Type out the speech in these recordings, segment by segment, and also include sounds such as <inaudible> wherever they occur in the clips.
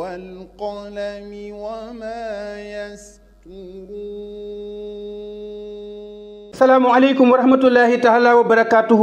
والقلم وما يسطرون السلام عليكم ورحمة الله تعالى وبركاته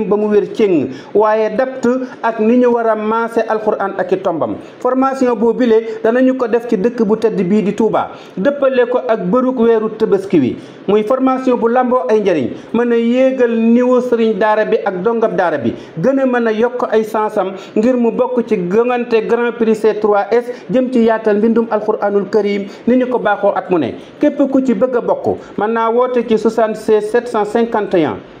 ba mu wér céng waaye dapt ak ni ñu war a maase alxuraan ak i tombam formation boo bile danañu ko def ci dëkk bu tedd bii di Touba dëppale ko ak bërug weeru tëbaski wi muy formation bu lamboo ay njëriñ mën a yéegal niveau sëriñ daara bi ak dongab daara bi gën a mën a yokk ay sansam ngir mu bokk ci gëngante grand prix C3S jëm ci yaatal mbindum alxuraanul karim ni ñu ko baaxoo ak mu ne képp ku ci bëgg a bokk mën naa woote ci 76 751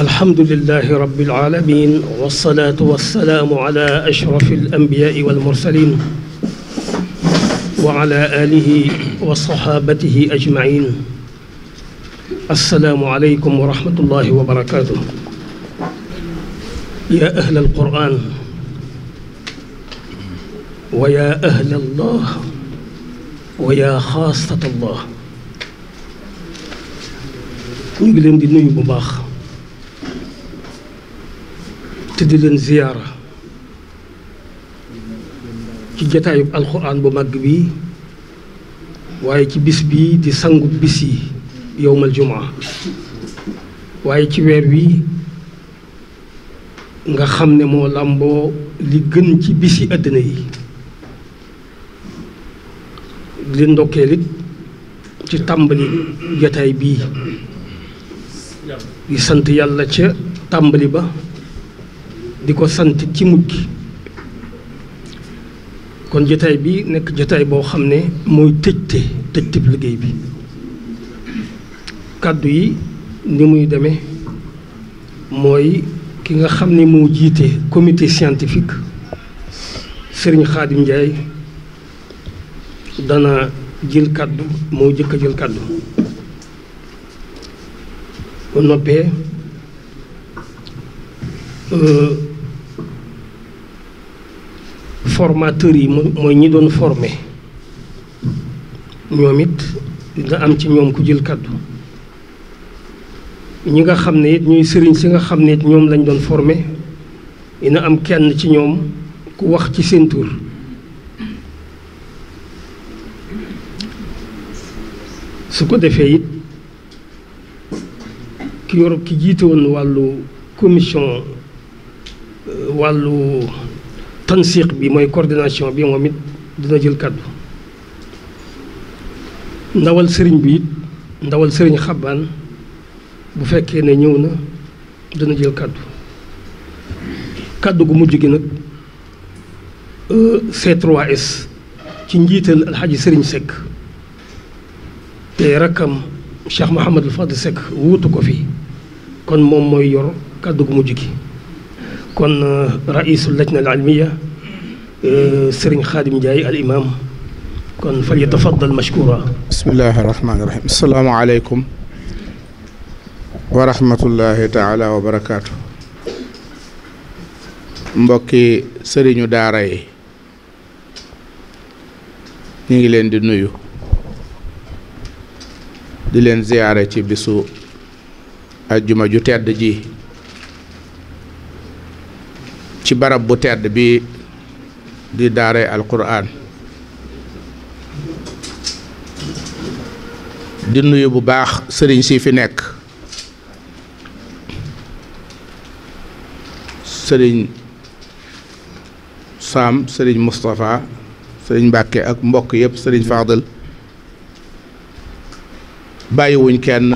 alhamdulilahi rabbil aalamiin wassalaatu wassalaamu alaa ashrafil anbiyaa'i wal mursaliin wa alaa aalihi wa saxaabatihi ajma'iin assalaamu aleykum wa rahmatullaahi wa barakaatuh yaa ahlal qur'aan wa yaa ahlallaah wa yaa xaasatallaah ñu ngi leen di nuyu bu baax te di leen ziyaara ci jataayub alxuraan bu màgg bi waaye ci bis bi di sangu bisi yi yowmal jumaa waaye ci weer wi nga xam ni moo làmboo li gën ci bisi àddina yi di ndokkeel it ci tàmbali jataay bii di sant yàlla ca tàmbali ba di ko sant ci mujj kon jotaay bi nekk jotaay boo xam ne mooy tëjte tëjteb liggéey bi kàddu yi ni muy demee mooy ki nga xam ne moo jiite comité scientifique sëriñ Khadim Ndiaye dana jël kàddu moo jëkk a jël kàddu bu noppee euh, formateurs yi mooy ñi doon forme ñoom it dina am ci ñoom ku jël kàddu ñi nga xam ne it ñuy sëriñ si nga xam ne it ñoom lañu doon formé dina am kenn ci ñoom ku wax ci seen tur su ko defee it ki yor ki jiite woon wàllu commission euh, wàllu tansiq bi mooy coordination bi moom it dina jël kàddu ndawal sëriñ bi it ndawal sëriñ xabaan bu fekkee ne ñëw na dina jël kàddu kàddu gu mujj gi nag euh, c 3 ci njiital alxaji sëriñ Seck te rakkam Cheikh Mouhamadul Fadl Seck wuutu ko fi kon moom mooy yor kàddu gu mujj gi kon euh, raisul lajna al ilmiya euh, sëriñ Xaadim Ndiaye al imam kon fal yatafaddal mashkura bismillahi rahmaani rahim asalaamaaleykum wa rahmatullahi taala mbokki sëriñu daara yi ñu ngi leen di nuyu di leen ziyaare ci bisu ajjuma ju tedd ji ci barab bu tedd bi di daaray alquran di nuyu bu baax sëriñ si fi nekk sëriñ Sam sëriñ Moustapha sëriñ Mbàkke ak mbokk yëpp sëriñ Fadal bàyyiwuñ kenn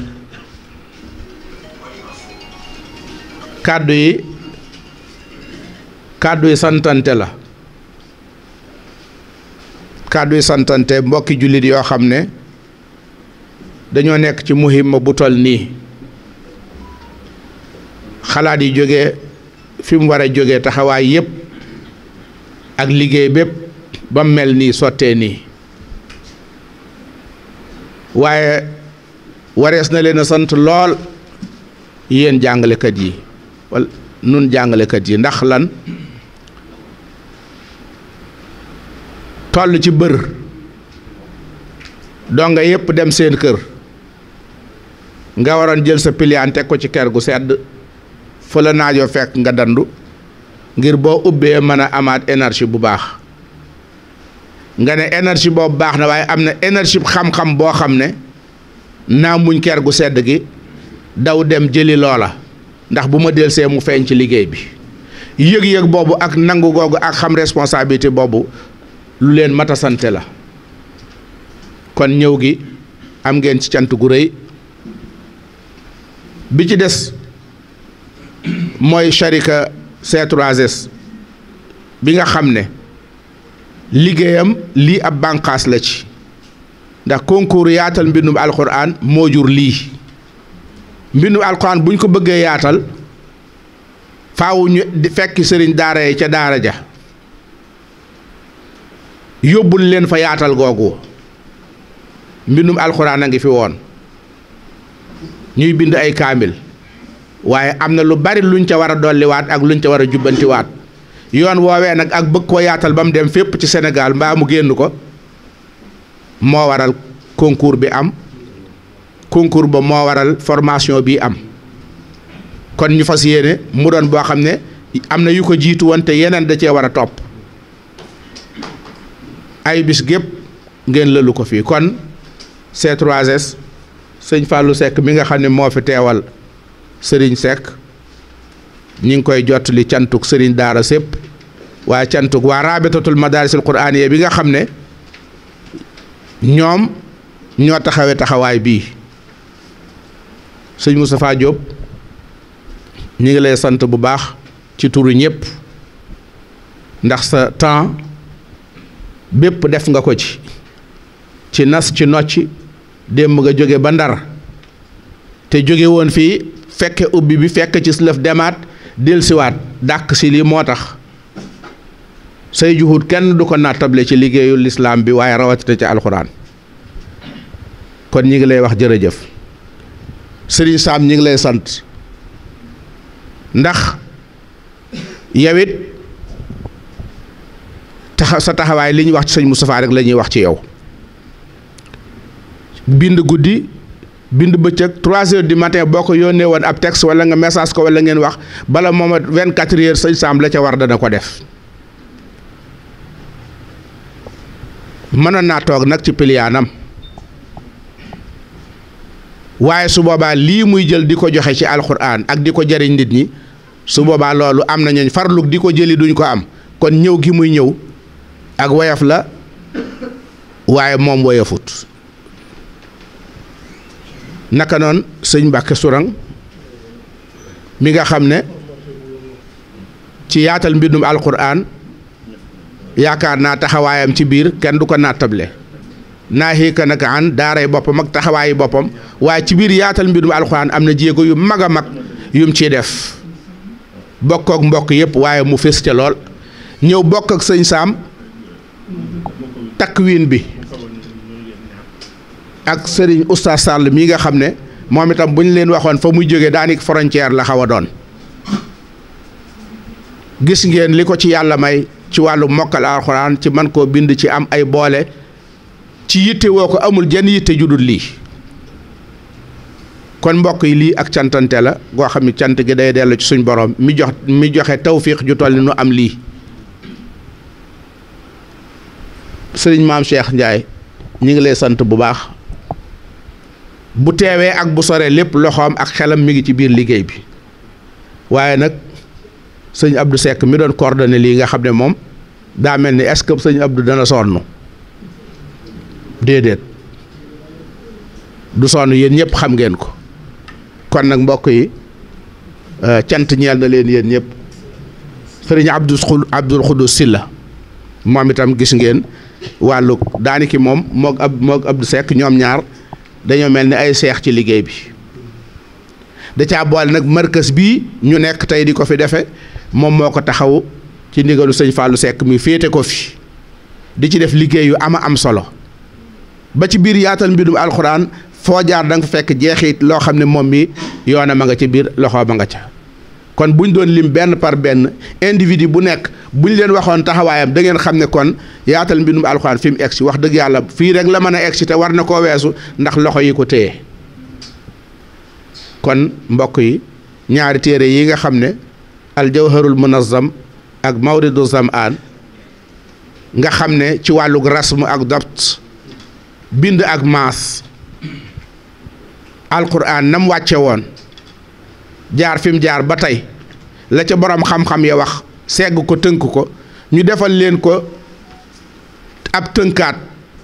kàddu yi kàddu yi santante la kàdduy santante mbokki jullit yoo xam ne dañoo nekk ci muhimma bu tol nii xalaat yi jóge fi mu war a jóge taxawaay yépp ak liggéey bépp ba mel nii sottee nii waaye warees na leen a sant lool yéen jàngalekat yi nun jàngalekat yi ndax lan toll ci bër donga yépp dem seen kër nga waroon jël sa piliyaan teg ko ci ker gu sedd fa la naajoo fekk nga dandu ngir boo ubbee mën a amaat énergie bu baax nga ne énergie boobu baax na waaye am na énergie xam-xam boo xam ne naa muñ ker gu sedd gi daw dem jëli loola ndax bu ma delsee mu feeñ ci liggéey bi yëg-yëg boobu ak nangu googu ak xam responsabilité boobu lu leen mat a sante la kon ñëw gi am ngeen ci cant gu rëy bi ci des mooy sharika c 3 bi nga xam ne liggéeyam lii ab bànqaas la ci ndax concours yaatal mbindum alquran moo jur lii mbindum alquran buñ ko bëggee yaatal faaw ñu fekk sëriñ daara yi ca daara ja yóbbul leen fa yaatal googu mbindum alxuraan a ngi fi woon ñuy bind ay kaamil waaye am na lu bari luñ ca war a dolliwaat ak luñ ca war a jubbantiwaat yoon woowee nag ak bëgg ko yaatal ba mu dem fépp ci Sénégal mbaa mu génn ko moo waral konkuur bi am concours ba moo waral formation bi am kon ñu fas yéene mu doon boo xam ne am na yu ko jiitu woon te yeneen da cee war a topp ay bis gépp ngeen lëlu ko fii kon C3S sëñ Fallou Seck mi nga xam ne moo fi teewal sëriñ sekk ñu ngi koy jottali cantuk sëriñ Daara sépp waaye cantuk waa rabitatul madarisul quraaniya bi nga xam ne ñoom ñoo taxawee taxawaay bii sëñ Moustapha Diop ñi ngi lay sant bu baax ci turu ñëpp ndax sa temps bépp def nga ko ci ci nas ci nocc démb nga jóge ba ndar te jóge woon fii fekke ubbi bi fekk ci lëf demaat delsiwaat dàq si lii moo tax say juhut kenn du ko nattable ci liggéeyu lislaam bi waaye rawatina ci alxuraan kon ñi ngi lay wax jërëjëf sëriñ Saam ñi ngi lay sant ndax yawit taxa sa taxawaay li ñuy wax ci sëñ mustafaa rek la ñuy wax ci yow bind guddi bind bëccëg trois heures di matin boo ko yónnee woon ab texte wala nga message ko wala ngeen wax bala moom a vingt quatre heures sëñ Sam la ca war dana ko def mënoon naa toog nag ci piliyaanam waaye su boobaa lii muy jël di ko joxe ci alxuraan ak di ko jariñ nit ñi su boobaa loolu am na ñooñ farlu di ko jëli duñ ko am kon ñëw gi muy ñëw ak woyof la waaye moom woyofut naka noon sëñ Mbàkke Sourang mi nga xam ne ci yaatal mbindum alquran yaakaar naa taxawaayam ci biir kenn du ko naatable naa xiika naka an daaray boppam ak taxawaayi boppam waaye ci biir yaatal mbindum alquran am na jéego yu mag a mag yum ciy def bokk mbokk yépp waaye mu fés ca lool ñëw bokk ak sëñ Saam takwiin bi ak sëriñ oustaz Sall mii nga xam ne moom itam bu ñu leen waxoon fa muy jógee daanik frontière la xaw a doon gis ngeen li ko ci yàlla may ci wàllu mokkal alxuraan ci man koo bind ci am ay boole ci yitte woo ko amul jenn yitte judul lii kon mbokk yi lii ak cantante la goo xam ne cant gi day dellu ci suñ borom mi jox mi joxe tawfiix ju toll ni nu am lii sëriñ maam Cheikh Ndiaye ñu ngi lay sant bu baax bu teewee ak bu soree lépp loxoom ak xelam mi ngi ci biir liggéey bi waaye nag sëñ Abdou Seck mi doon coordonné lii nga xam ne moom daa mel ni est-ce que sëñ Abdou dana sonn déedéet du sonn yéen ñëpp xam ngeen ko kon nag mbokk yi euh, cant ñeel na leen yéen ñëpp sëriñ Abdou Abdoul Khoudous Silla moom itam gis ngeen. wàllu daaniki moom moog ab moog Abdou Seck ñoom ñaar dañoo mel ni ay seex ci liggéey bi da caa boole nag markas bii ñu nekk tey di ko fi defe moom moo ko taxaw ci ndigalu sëñ Fallou Seck mi féete ko fi di ci def liggéey yu ama am solo ba ci biir yaatal mbindum alxuraan foo jaar da fa fekk jeexit loo xam ne moom mi yoona ma nga ci biir loxo ma nga ca kon buñ doon lim benn par benn individu bu nekk buñ leen waxoon taxawaayam da ngeen xam ne kon yaatal mbindum alxuraan fi mu egsi wax dëgg yàlla fii rek la mën a egsi te war na koo weesu ndax loxo yi ko téye kon mbokk yi ñaari téere yi nga xam ne aljawharul munazzam ak mawridu zamaan nga xam ne ci wàllug rasm ak dabt bind ak maas alquran nam wàcce woon jaar fi mu jaar ba tey la ca boroom xam-xam ya wax segg ko tënk ko ñu defal leen ko ab tënkaat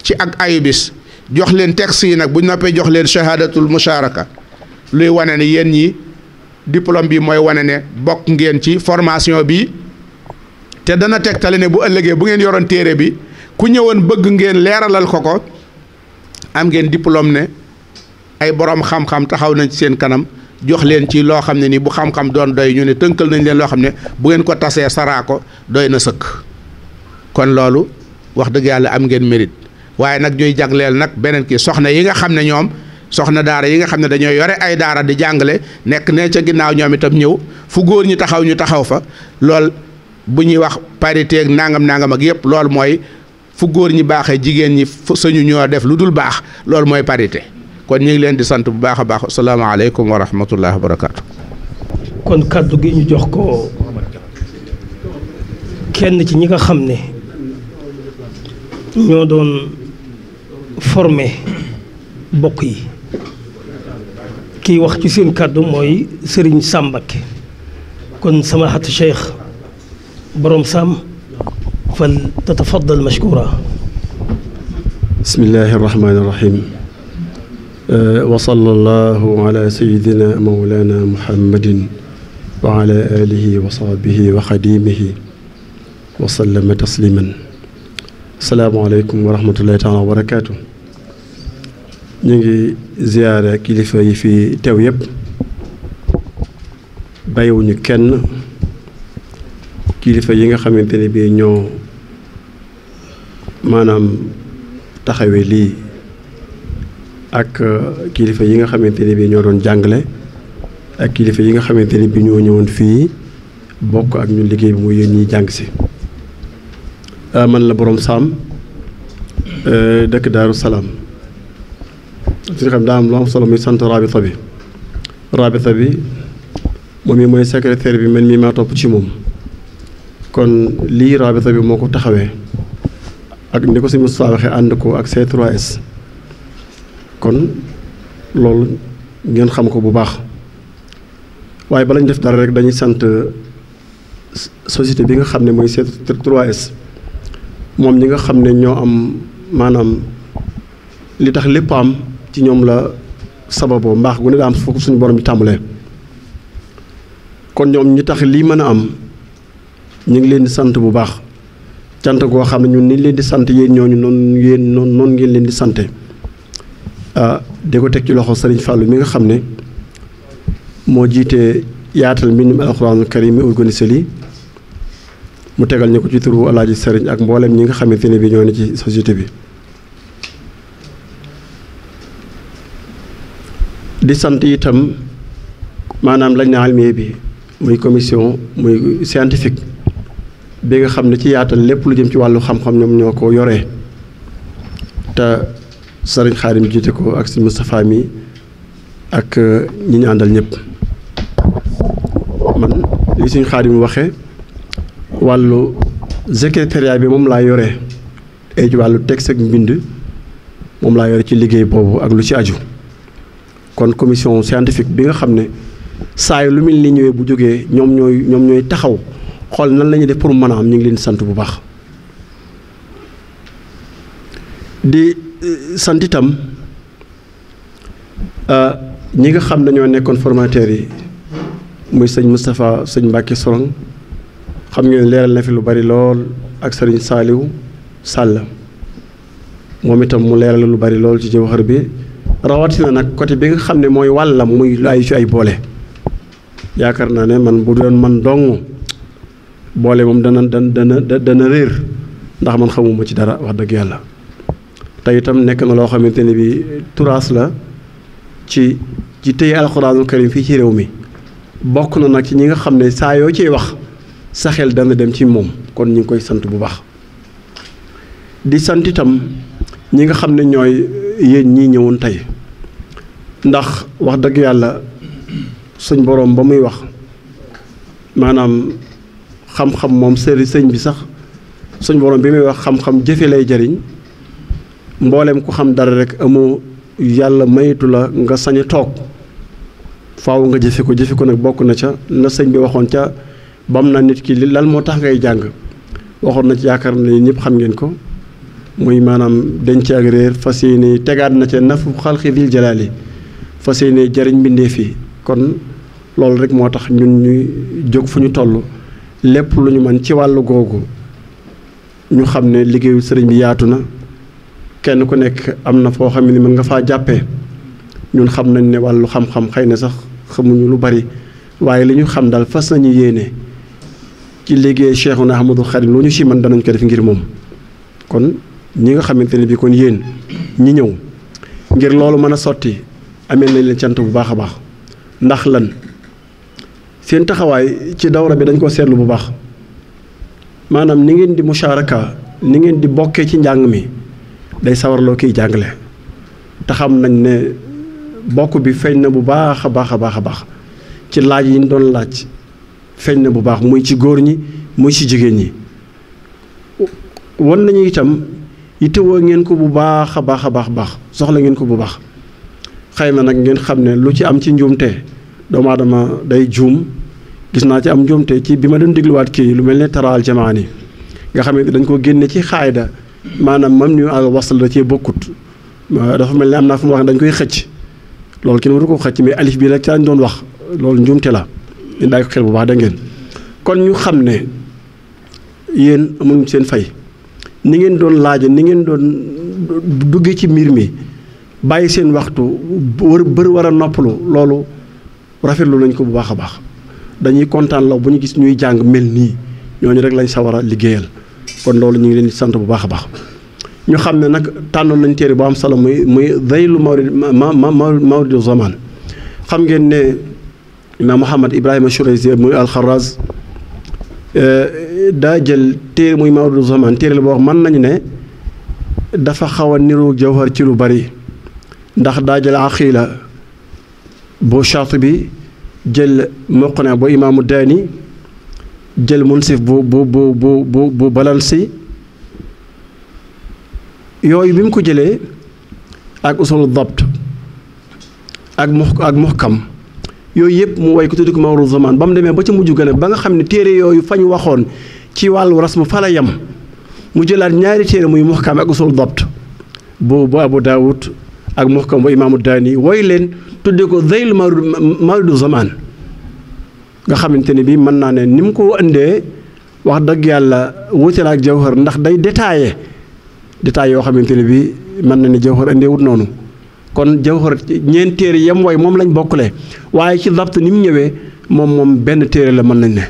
ci ak ayubis jox leen texte yi nag bu noppee jox leen shahadatul musharaka luy wane ne yéen ñi diplôme bi mooy wane ne bokk ngeen ci formation bi te dana tegtale ne bu ëllëgee bu ngeen yoroon téere bi ku ñëwoon bëgg ngeen leeralal ko ko am ngeen diplôme ne ay boroom xam-xam taxaw nañ ci seen kanam jox leen ci loo xam ne nii bu xam-xam doon doy ñu ne tënkal nañ leen loo xam ne bu ngeen ko tasee saraako doy na sëkk kon loolu wax dëgg yàlla am ngeen mérite waaye nag ñuy jagleel nag beneen kii soxna yi nga xam ne ñoom soxna daara yi nga xam ne dañoo yore ay daara di jàngale nekk ne ca ginnaaw ñoom itam ñëw fu góor ñi taxaw ñu taxaw fa lool bu ñuy wax parité ak nangam nangam ak yëpp loolu mooy fu góor ñi baaxee jigéen ñi fu sañu ñoo def lu dul baax loolu mooy parité. kon ñu ngi leen di sant bu baax a baax asalaamaaleykum wa rahmatullah wa barakaatu. kon kàddu gi ñu jox ko kenn ci ñi nga xam ne ñoo doon formé bokk yi kiy wax ci seen kàddu mooy Serigne Sàmbake kon sama xatu Cheikh borom Sam fal tatafaddal mashkura bismillahi rahmaani rahim wa sallallahu ala sayidina mawlana muhammadin wa ala alihi wa sahbihi wa xadimihi wa sallama tasliman asalaamaaleykum wa rahmatullahi taala wa barakaatu ñu ngi ziyaara kilifa yi fi teew yëpp bàyyiwuñu kenn kilifa yi nga xamante ni bii ñoo maanaam taxawe lii ak euh, kilifa yi nga xamante ne bi ñoo doon jàngale ak kilifa yi nga xamante ne bi ñoo ñëwoon fii bokk ak ñu liggéey bi muy yéen ñiy jàng si euh, man la boroom saam euh, dëkk Daaru Salaam suñu xam daa am lu solo muy sant rabita bi rabita bi moom mi mooy secrétaire bi mel mii maa topp ci moom kon lii rabita bi moo ko taxawee ak ni ko si Moustapha ànd ko ak c 3 kon loolu ngeen xam ko bu baax waaye bala ñu def dara rek dañuy sant euh, société bi nga xam ne mooy c 3 moom ñi nga xam ne ñoo am maanaam li tax lépp am ci ñoom la sababoo mbaax gu ne am foofu suñu borom bi tàmbalee kon ñoom ñi tax lii mën a am ñu ngi leen di sant bu baax cant goo xam ne ñun ni leen di sant yéen ñooñu noon yéen noonu noonu ngeen leen di sante ah di ko teg ci loxo Serigne Fallou mi nga xam ne moo jiite yaatal mbindum alxuraanul karim mi organisé lii mu tegal ñu ko ci turu Alaaji Serigne ak mboolem ñi nga xamante ne bi ñoo ne ci société bi. di sant itam maanaam lañ na almiye bi muy commission muy scientifique bi nga xam ni ci yaatal lépp lu jëm ci wàllu xam-xam ñoom ñoo ko yoree sëriñ Xaadim jiite ko ak sëriñ Moustapha mi ak euh, ñi ñu àndal ñëpp man li sëriñ Xaadim waxee wàllu secrétariat bi moom laa yore ay ci wàllu texte ak mbind moom laa yore ci liggéey boobu ak lu ci aju kon commission scientifique bi nga xam ne saa lu mel ni ñëwee bu jógee ñoom ñooy ñoom ñooy taxaw xool nan lañu def pour mën a am ñu ngi leen sant bu baax sant itam ah, ñi nga xam dañoo nekkoon formateur yi muy sëñ Moustapha sëñ Mbacke Sorong xam ngeen leeral na fi lu bari lool ak sëriñ saaliw Sall moom itam mu leeral lu bari lool ci jawhar bi rawatina nag côté bi nga xam ne mooy wàllam muy lu ay ci ay boole yaakaar naa ne man bu doon man dong boole moom dana dana dana dana réer ndax man xamuma ci dara wax dëgg yàlla. tey itam nekk na loo xamante ni bi turaas la ci ci téye alxuraanul karim fii ci réew mi bokk na nag ci ñi nga xam ne saa yoo ciy wax sa xel dana dem ci moom kon ñu ngi koy sant bu baax di sant itam ñi nga xam ne ñooy yéen ñii ñëwoon tey ndax wax dëgg yàlla suñ borom ba muy wax maanaam xam-xam moom sëri sëñ bi sax suñ borom bi muy wax xam-xam jëfe lay jariñ mboolem ku xam dara rek amoo yàlla mayitu la nga sañ toog faaw nga jëfe ko jëfe ko nag bokk na ca la sëñ bi waxoon ca bam naa nit ki li lan moo tax ngay jàng waxoon na ci yaakaar ñëpp xam ngeen ko muy maanaam denc ak fas yéene tegaat na ca nafu xalqi dil jalaali fas yéene jariñ mbindeef yi kon loolu rek moo tax ñun ñuy jóg fu ñu toll lépp lu ñu mën ci wàll googu ñu xam ne liggéeyu sëriñ bi yaatu na kenn ku nekk am na foo xam ne mën nga faa jàppe ñun xam nañ ne wàllu xam-xam xëy na sax xamuñu lu bari waaye li ñu xam daal fas nañu yéene ci liggéey Cheikhuna na Khadim lu ñu si mën danañ ko def ngir moom kon ñi nga xamante ne bi kon yéen ñi ñëw ngir loolu mën a sotti amee nañ leen cant bu baax a baax ndax lan seen taxawaay ci dawra bi dañ ko seetlu bu baax maanaam ni ngeen di musharaka ni ngeen di bokkee ci njàng mi day sawarloo kiy jàngale te xam nañ ne bokk bi feeñ na bu baax a baax a baax a baax ci laaj yi ñu doon laaj feeñ na bu baax muy ci góor ñi muy ci jigéen ñi wan nañu itam itewoo ngeen ko bu baax a baax a baax baax soxla ngeen ko bu baax xëy na nag ngeen xam ne lu ci am ci njuumte doomu aadama day juum gis naa ci am njuumte ci bi ma doon dégluwaat kii lu mel ne taraal jamaan yi nga xam ne dañ ko génne ci xaayda maanaam mam ñu al wasl da cee bokkut dafa mel ne am naa fu mu wax ne dañ koy xëcc loolu kenn waru ko xëcc mais alif bi rek ca lañ doon wax loolu njuumte la ñu daay ko xel bu baax da ngeen kon ñu xam ne yéen amuñ seen fay ni ngeen doon laajo ni ngeen doon duggee ci mbir mi bàyyi seen waxtu wër bër war a noppalu loolu rafetlu nañ ko bu baax a baax dañuy kontaan la bu ñu gis ñuy jàng mel nii ñooñu rek lañ sawar a liggéeyal kon loolu ñu ngi leen di sant bu baax a baax ñu xam ne nag tànnoon nañ téere bu am solo muy muy Zeylu Mawrid Mawridu Zaman xam ngeen ne imaam Mouhamad Ibrahima Chouraysi muy alxaraz euh, daa jël téere muy Mawridu Zaman téere la boo wax mën nañu ne dafa xaw a niru jawhar ci lu bari ndax daa jël aqiila bu Shaatibi jël muqna bu imaamu Daani jël munsif bu bu bu balal bu yooyu bi mu ko jëlee ak usulu dabt ak mu ak muhkam yooyu yëpp mu way ko tuddi ko mawru zaman ba mu demee ba ca mujj gën a ba nga xam ne téere yooyu fañ waxoon ci wàllu rasmu fa la yem mu jëlaat ñaari téere muy muhkam ak usulu dabt bu bu abu daawud ak muhkam bu imaamu daani way leen tuddi ko zeyl mawru mawru zaman nga xamante ne bii mën naa ne ni mu ko indee wax dëgg yàlla wuute la ak jawhar ndax day détaillé détaillé yoo xamante ne bii mën na ne jawhar indee wut noonu kon jawhar ñeent téere yam way moom lañ bokkule waaye ci dabt ni mu ñëwee moom moom benn téere la mën nañ ne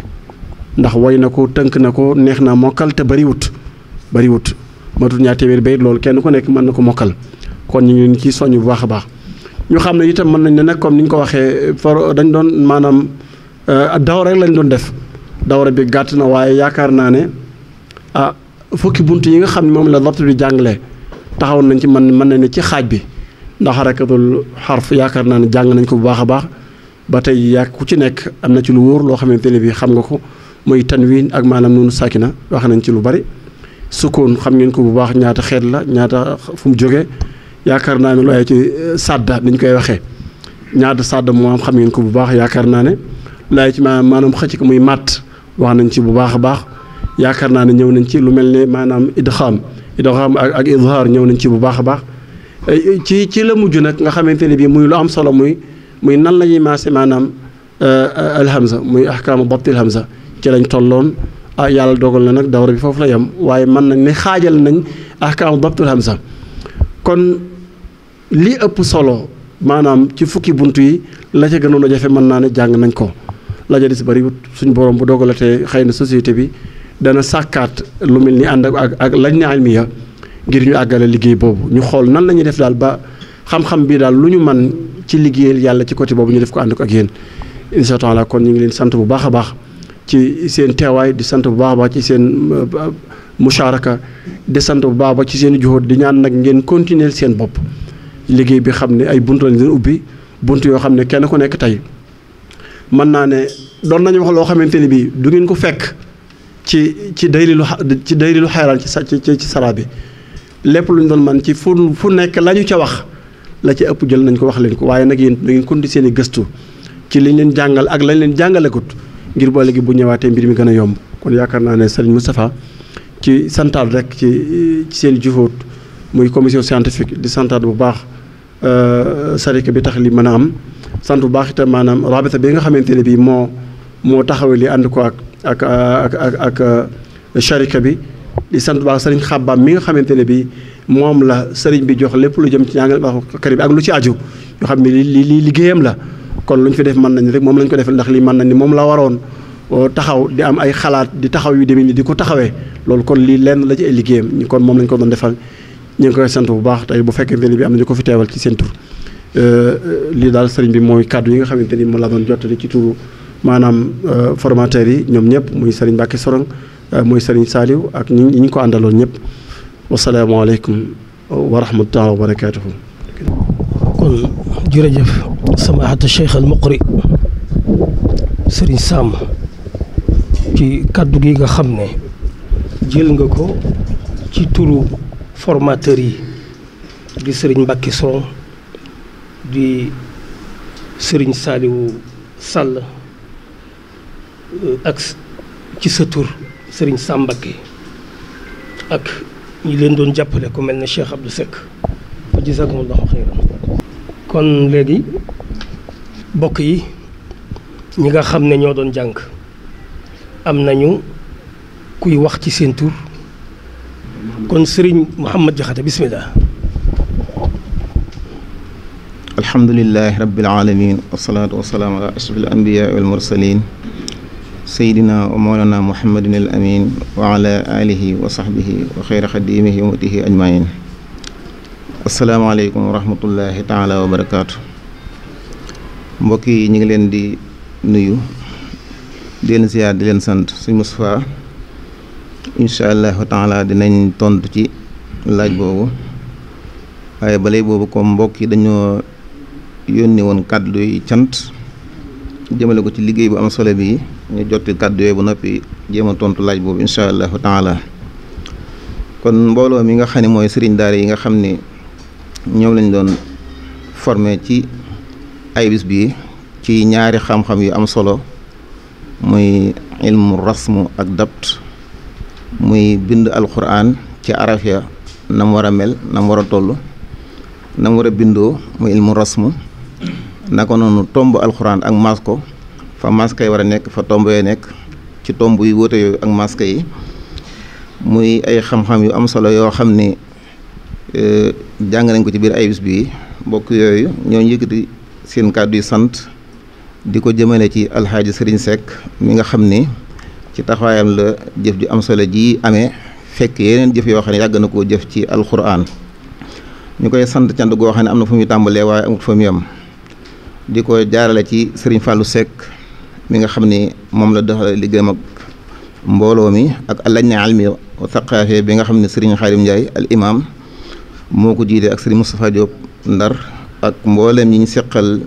ndax way na ko tënk na ko neex naa mokkal te bariwut bariwut matul ñaar téeméer bayit loolu kenn ku nekk mën na ko mokkal kon ñu ngi ci soññ bu baax a baax ñu xam ne itam mën nañ ne nag comme ni ñu ko waxee for dañ doon maanaam Euh, daw rek lañ doon def dawra bi gàtt na waaye yaakaar naa ne ah fukki bunt yi nga xam ne moom la dabt bi jàngale taxaw nañ ci man mën na ci xaaj bi ndax xarakatul yaakaar naa ne jàng nañ ko bu baax a baax ba tey yaa ku ci nekk am na ci lu wóor loo xamante ne bi xam nga ko muy wiin ak maanaam noonu na wax nañ ci lu bari sukkoon xam ngeen ko bu baax ñaata xeet la ñaata fu mu jógee yaakaar naa ne lu ay ci euh, sàdda niñ koy waxee ñaata sàdda moo am xam ngeen ko bu baax yaakaar naa ne laay ci maanaam xëcc ko muy màtt wax nañ ci bu baax a baax yaakaar naa ne ñëw nañ ci lu mel ne maanaam idxaam idxaam ak ak izhaar ñëw nañ ci bu baax a baax eh, ci ci la mujj nag nga xamante ne bii muy lu am solo muy muy nan la ñuy maase maanaam eh, alhamza muy ahkaamu babtil hamza ci lañ tolloon ah yàlla dogal na nag dawra bi foofu la yem waaye man nañ ne xaajal nañ ahkaamu babtul hamza kon li ëpp solo maanaam ci fukki bunt yi la ca gënoon a jafe mën naa ne jàng nañ ko la ja des bariwut suñ borom bu dogalatee xëy na société bi dana sàkkaat lu mel ni ànd ak ak lañ ne almiya ngir ñu àggale liggéey boobu ñu xool nan la ñuy def daal ba xam-xam bi daal lu ñu man ci liggéeyal yàlla ci côté boobu ñu def ko ànd ko ak yéen incha allah kon ñu ngi leen sant bu baax a baax ci seen teewaay di sant bu baax a baax ci seen euh, musharaka di sant bu baax a baax ci seen i juhóot di ñaan nag ngeen continuer seen bopp liggéey bi xam ne ay bunt lañ ubbi bunt yoo xam ne kenn ku nekk tey mën naa ne doon nañu wax loo xamante ni bii du ngeen ko fekk ci ci dayrilu ci dayrilu xayraan ci ci ci sara bi lépp lu ñu doon man ci fu fu nekk la ñu ca wax la ci ëpp jël nañ ko wax leen ko waaye nag yéen da ngeen kondi seen i gëstu ci liñ leen jàngal ak lañ leen jàngalekut ngir boole gi bu ñëwaatee mbir mi gën a yomb kon yaakaar naa ne Serigne Moustapha ci santaat rek ci ci seen juhóot muy commission scientifique di santaat bu baax euh, sarika bi tax li mën a am sant bu baax itam maanaam rabita bi nga xamante ne bii moo moo taxawal li ànd ko ak ak ak ak ak uh, sharika bi di sant bu baax sëriñ xàbbaam mi nga xamante ne bii moom la sëriñ bi jox lépp lu jëm ci ñaangal baax kër bi ak lu ci aju yoo xam ne li li liggéeyam la kon lu ñu fi def mën nañ rek moom lañ ko defal ndax lii mën nañ ni moom la waroon uh, taxaw di am ay xalaat di taxaw yu demee ni di ko taxawee loolu kon lii lenn la ci ay liggéeyam kon moom lañ ko doon defal ñu ngi koy sant bu baax tey bu fekkente ne bi am nañu ko fi teewal ci seen Euh, euh, lii daal sëriñ bi mooy kàddu yi nga xamante ni moom laa jottali ci turu maanaam euh, formateurs yi ñoom ñëpp muy sëriñ Mbacke Sorong muy sëriñ Saliou ak ñi ko àndaloon ñëpp wasalaamaaleykum wa rahmatulah wa barakaatuhu. kon jërëjëf samaahatu Cheikh al Muqri sëriñ kàddu gi nga xam ne jël nga ko ci turu formateurs yi di sëriñ Mbacke Sorong. di sëriñ Saliou Sall euh, ak ci sa tur sëriñ Sàmbake ak ñi leen doon jàppale ku mel ne Cheikh Abdou Seck fa jazakumullahu xayran kon léegi bokk yi ñi nga xam ne ñoo doon jàng am nañu kuy wax ci seen tur kon sëriñ Mouhamad Jaxate bismillah alhamdulilahi rabbil alamin wasalaatu wasalaamu ala ashraf al anbiya mursalin seydina wa mawlana muhammadin al wa ala alihi wa sahbihi wa xeyra wa mutihi ajmain asalaamaaleykum wa rahmatullahi taala wa barakaatu mbokk yi ñu ngi leen di nuyu di leen di leen sant suñ Moustapha incha allahu taala dinañ tontu ci laaj boobu waaye balay boobu comme mbokk yi dañoo yónni woon kàddu yi cant jëmale ko ci liggéey bu am solo bii ñu jotti kàddu yooyu bu noppi jéem a tontu laaj boobu incha allahu taala kon mbooloo mi nga xam ne mooy sëriñ daara yi nga xam ni ñoom lañ doon forme ci ay bis bi ci ñaari xam-xam yu am solo muy ilmu rasmu ak dabt muy bind alquran ci araf ya na mu war a mel na mu war a toll na mu war a bindoo muy ilmu rasmu naka noonu tomb alxuraan ak maas ko fa maska yi war a nekk fa tomb yooyu nekk ci tomb yu wóote yooyu ak maska yi muy ay xam-xam yu am solo yoo xam ne jàng nañ ko ci biir ay bi bii mbokk yooyu ñoo yëkkati seen kàddu yi sant di ko jëmale ci alxaaji Sëriñ Seck mi nga xam ni ci taxawaayam la jëf ju am solo ji amee fekk yeneen jëf yoo xam ne yàgg na koo jëf ci alxuraan ñu koy sant cand goo xam ne am na fu ñu tàmbalee waaye amut fa muy am di ko jaarale ci sëriñ Fallou Seck mi nga xam ni moom la doxale liggéeyam ak mbooloo mi ak alañna almi thaqaafe bi nga xam ne sëriñ Xaadim Ndiaye al imaam moo ko jiite ak sëriñ Moustapha Diop Ndar ak mbooleem ñi ñu seqal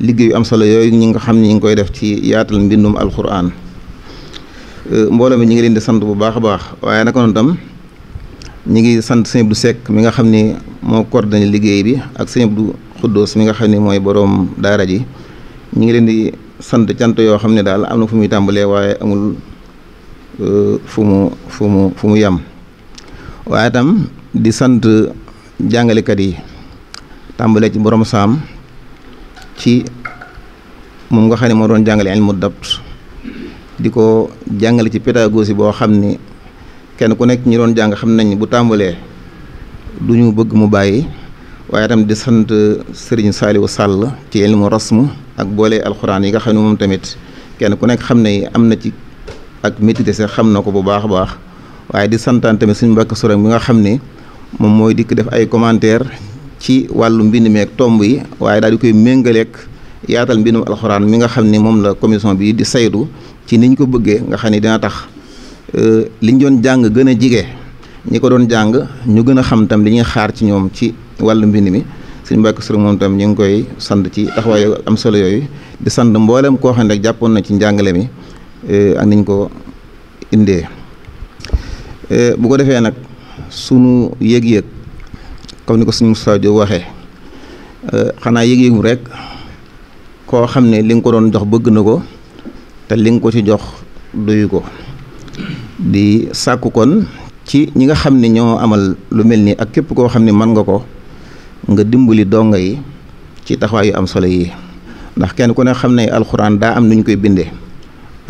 liggéey yu am solo yooyu ñi nga xam ne ñi ngi koy def ci yaatal mbindum alquran euh, mbooloo mi ñi ngi leen di sant bu baax a baax waaye naka noonu tam ñi ngi sant sëñ Abdou Seck mi nga xam ni moo coordonné liggéey bi ak sëñ Abdou xuddoos mi nga xam ne mooy boroom daara ji ñu ngi leen di sant cant yoo xam ne daal am na fu muy tàmbalee waaye amul euh, fu mu fu mu fu mu yem waaye tam di sant jàngalekat yi tàmbalee ci borom saam ci moom nga xam ne moo doon jàngale mu dabt di ko jàngale ci pédagogie boo xam ni kenn ku nekk ñi doon jàng xam nañ bu tàmbalee du ñu bëgg mu bàyyi waaye tam di sant Serigne Saliou Sall ci ilmu rasmu ak boole alxuraan yi nga xam ne moom tamit kenn ku nekk xam ne am na ci ak métti sax xam na ko bu baax a baax waaye di santaan tamit suñ mbokk sore bi nga xam ne moom mooy dikk def ay commentaire ci wàllu mbind meeg tomb yi waaye daal di koy méngaleeg yaatal mbindum alxuraan mi nga xam ne moom la commission bi di saytu ci niñ ko bëggee nga xam ne dina tax euh, liñ doon jàng gën a jige ñi ko doon jàng ñu gën a xam tam li ñuy xaar ci ñoom ci. wàllu mbind mi suñ mbàkk sur moom tam ñu ngi koy sand ci taxawaay am solo yooyu di sand mbooleem koo xam ne jàppoon na ci njàngale mi eh, ak niñ ko indee eh, bu ko defee nag sunu yëg comme ni ko suñu Moustapha Diop waxee eh, xanaa yëg-yëgum rek koo xam ne li nga ko doon jox bëgg na ko te li nga ko ci jox doyu ko di sàkku kon ci ñi nga xam ne ñoo amal lu mel nii ak képp koo xam ne mën nga ko nga dimbali dongo yi ci taxawaay yu am solo yi ndax kenn ku ne xam ne alxuraan daa am nu ñu koy bindee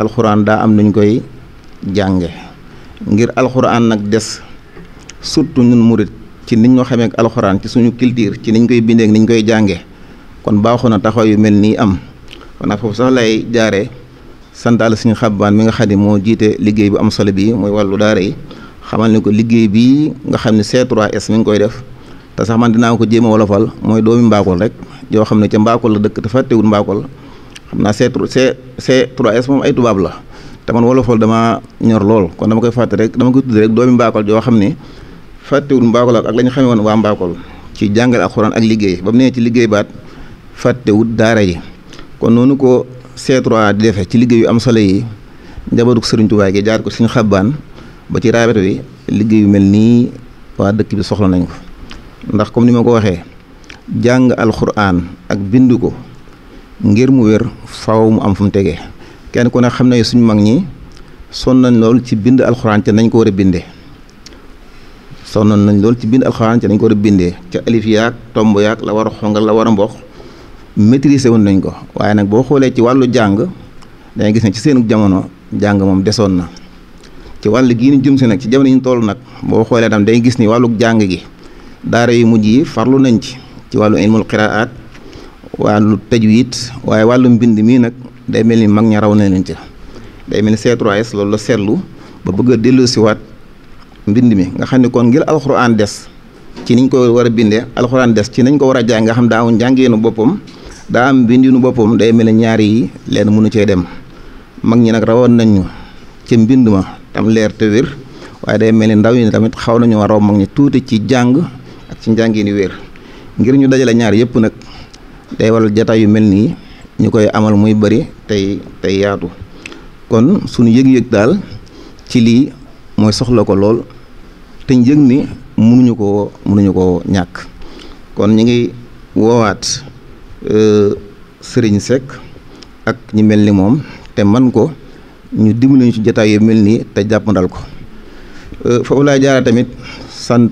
alxuraan daa am nu koy jànge ngir alxuraan nag des surtout ñun murit ci niñ ñoo xamee ak alxuraan ci suñu culture ci niñ koy bindee ak niñ koy jànge kon baaxu na taxawaay yu mel nii am kon nag foofu sax lay jaare jaaree santaal suñu baan mi nga xam ne moo jiite liggéey bu am solo bii mooy wàllu daara yi xamal ni ko liggéey bii nga xam ne C3S mi ngi koy def. te sax man dinaa ko jéem a wolofal mooy doomi mbaakol rek yoo xam ne ca mbaakol la dëkk te fàttewul mbaakol xam naa C C c 3 moom ay tubaab la te man wolofal dama ñor lool kon dama koy fàtte rek dama koy tudd rek doomi mbaakol joo xam ne fàttewul mbaakol ak lañu ñu xamee woon waa mbaakol ci jàngal ak xuraan ak liggéey ba mu nee ci liggéey baat fàttewut daara yi kon noonu ko C3 di defee ci liggéey yu am solo yi njabootu Sëriñ Tuubaa gi jaar ko suñu xabbaan ba ci raabet bi liggéey yu mel nii waa dëkk bi soxla nañ ko ndax comme ni ma ko waxee jàng alxuraan ak bind ko ngir mu wér faaw mu am fu mu tege kenn ku ne xam ne suñu mag ñi sonn nañ lool ci bind alxuraan te nañ ko war a bindee sonn nañ lool ci bind alxuraan te nañ ko war a bindee ca alif yaag tomb yaag la war a xongal la war a mboq maîtriser woon nañ ko waaye nag boo xoolee ci wàllu jàng dangay gis ne ci seen jamono jàng moom desoon na ci wàll gii ñu jëm si nag ci jamono yi ñu toll nag boo xoolee tam day gis ni wàllu jàng gi. daara yu mujj yi farlu nañ ci ci wàllu ilmul qiraat wàllu tajwid waaye wàllu mbind mii nag day mel ni mag ña raw na leen ci day mel ni c loolu la seetlu ba bëgg a mbind mi nga xam ne kon ngir alxuraan des ci niñ ko war a bindee alxuraan des ci nañ ko war a jàng xam daa am jàngeenu boppam daa am bindinu boppam day mel ni ñaari yi leen mënu cee dem mag ñi nag rawoon nañ ñu ca mbind ma tam leer te waaye day mel ni ndaw yi tamit xaw nañu war mag ñi tuuti ci jàng. ak ci njàngin yu wér ngir ñu dajale ñaar yëpp nag day waral jataay yu mel nii ñu koy amal muy bari tey tey yaatu kon suñu yëg-yëg daal ci lii mooy soxla ko lool te ñu yëg ni mënuñu koo mënuñu koo ñàkk kon ñu ngi woowaat euh, Serigne Seck ak ñi mel ni moom te man ko ñu dimbali ñu ci jataay yu mel nii te jàppandal ko euh, foofu laay jaara tamit sant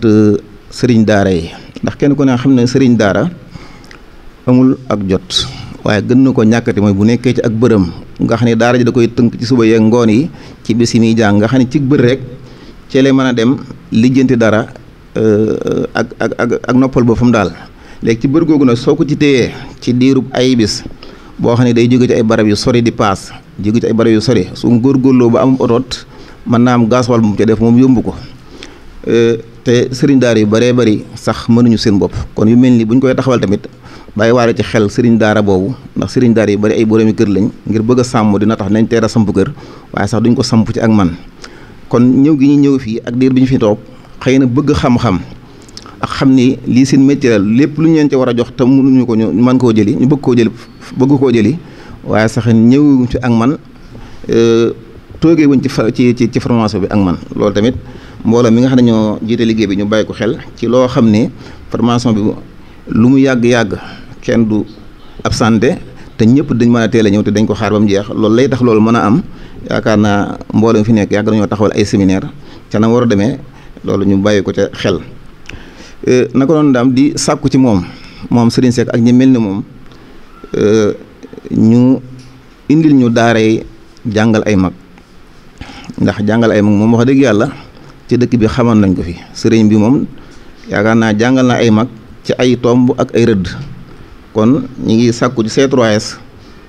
sëriñ daara yi ndax kenn ku ne xam ne sëriñ daara amul ak jot waaye gën na ko ñàkkati mooy bu nekkee ci ak bërëm nga xam ne daara ji da koy tënk ci suba yeeg ngoon yi ci bés yi muy jàng nga xam ne ci bër rek ci lay mën a dem lijjanti dara euh, ak ak ak ak noppal boppam daal léegi ci bër googu nag soo ko ci téyee ci diirub ay bis boo xam ne day jóge ci ay barab yu sori di paas jóge ci ay barab yu sori su góorgóorloo ba am otoot mën naa am gasoil bu mu ca def moom yomb ko euh, te sëriñ daar yu baree bari sax mënuñu seen bopp kon yu mel ni buñ koy taxawal tamit bàyyi waare ci xel sëriñ daara boobu ndax sëriñ daar yi bari ay boroomi kër lañ ngir bëgg a sàmm dina tax nañ teel a samp kër waaye sax duñ ko samp ci ak man kon ñëw gi ñu ñëw fii ak diir bi ñu fi toog xëy na bëgg xam-xam ak xam ni lii seen métier lépp lu ñu leen ci war a jox te mënuñu ko ñu man koo jëli ñu bëgg koo jëli bëgg koo jëli waaye sax ñëwuñ ci ak man euh, toogee wuñ ci ci ci formation bi ak man tamit mbooloo mi nga xam ne ñoo jiite liggéey bi ñu bàyyi ko xel ci loo xam ne formation bi lu mu yàgg-yàgg kenn du absenté te ñëpp dañ mën a teel a ñëw te dañ ko xaar ba mu jeex loolu lay tax loolu mën a am yaakaar naa mbooloo mi fi nekk yàgg nañoo taxawal ay séminaire ca na war a demee loolu ñu bàyyi ko ca xel na ko doon daam di sàkku ci moom moom Serigne Seck ak ñi mel ni moom euh, ñu indil ñu daaray jàngal ay mag ndax jàngal ay mag moom wax dëgg yàlla ci dëkk bi xamoon nañ ko fi sëriñ bi moom yaakaar naa jàngal na ay mag ci ay tomb ak ay rëdd kon ñi ngi sàkku ci C3S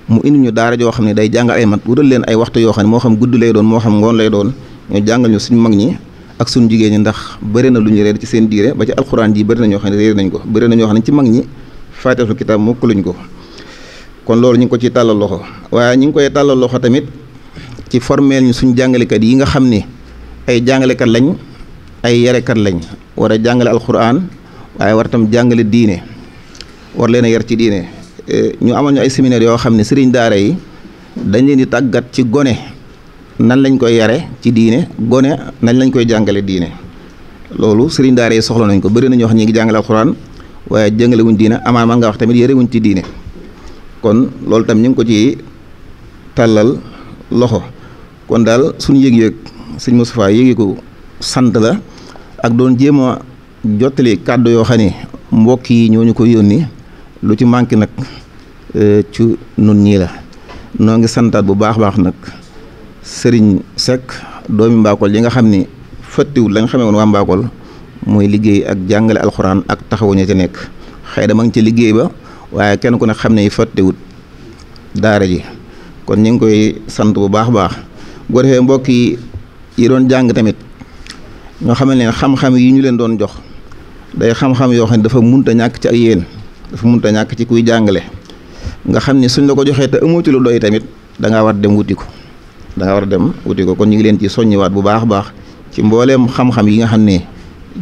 mu indi ñu daara joo xam ne day jàngal ay mag wutal leen ay waxtu yoo xam ne moo xam gudd lay doon moo xam ngoon lay doon ñu jàngal ñu suñu mag ñi ak suñu jigéen ñi ndax bëri na lu ñu réer ci seen diire ba ci alxuraan ji bari na ñoo xam ne réer nañ ko bëri na ñoo xam ne ci mag ñi faatixul kitaab mokk luñ ko kon loolu ñu ngi ko ciy tàllal loxo waaye ñu ngi koy tàllal loxo tamit ci formel ñu suñu jàngalekat yi nga xam ne ay jàngalekat lañ ay yarekat lañ war a jàngale alxuraan waaye war tam jàngale diine war leen a yar ci diine eh, ñu amal ñu ay séminaire yoo xam ne sëriñ daara yi dañ leen di tàggat ci gone nan lañ koy yare ci diine gone nañ lañ koy jàngale diine loolu sëriñ daara yi soxla nañ ko bari na ñoo xam ñi ngi jàngale alxuraan waaye jàngale wuñ diine amaan man nga wax tamit yëre wuñ ci diine kon loolu tam ñu ngi ko ci tàllal loxo kon daal suñu yëg-yëg sëñ Moustapha yéegi ko sant la ak doon jéema a jottali kàddu yoo xam ne mbokk yi ñoo ñu ko yónni lu ci manqué nag e, ci nun ñii la noo ngi santaat bu baax baax nag sëriñ Seck doomi Mbakol yi nga xam ni fëttiwul lañ nga xamee woon waa Mbakol mooy liggéey ak jàngale alxuraan ak taxawuñu ca nekk xëy na ma ngi ci liggéey ba waaye kenn ku ne xam ne fëttiwut daara ji kon ñu ngi koy sant bu baax baax bu ko yi doon jàng tamit ñoo xam ne xam-xam yi ñu leen doon jox day xam-xam yoo xam ne dafa munta ñàkk ci ak yéen dafa munta ñàkk ci kuy jàngale nga xam ne suñ la ko joxee te amoo ci lu doy tamit da war dem wuti ko da ngaa war dem wuti ko kon ñu ngi leen ci soññiwaat bu baax baax ci mbooleem xam-xam yi nga xam ne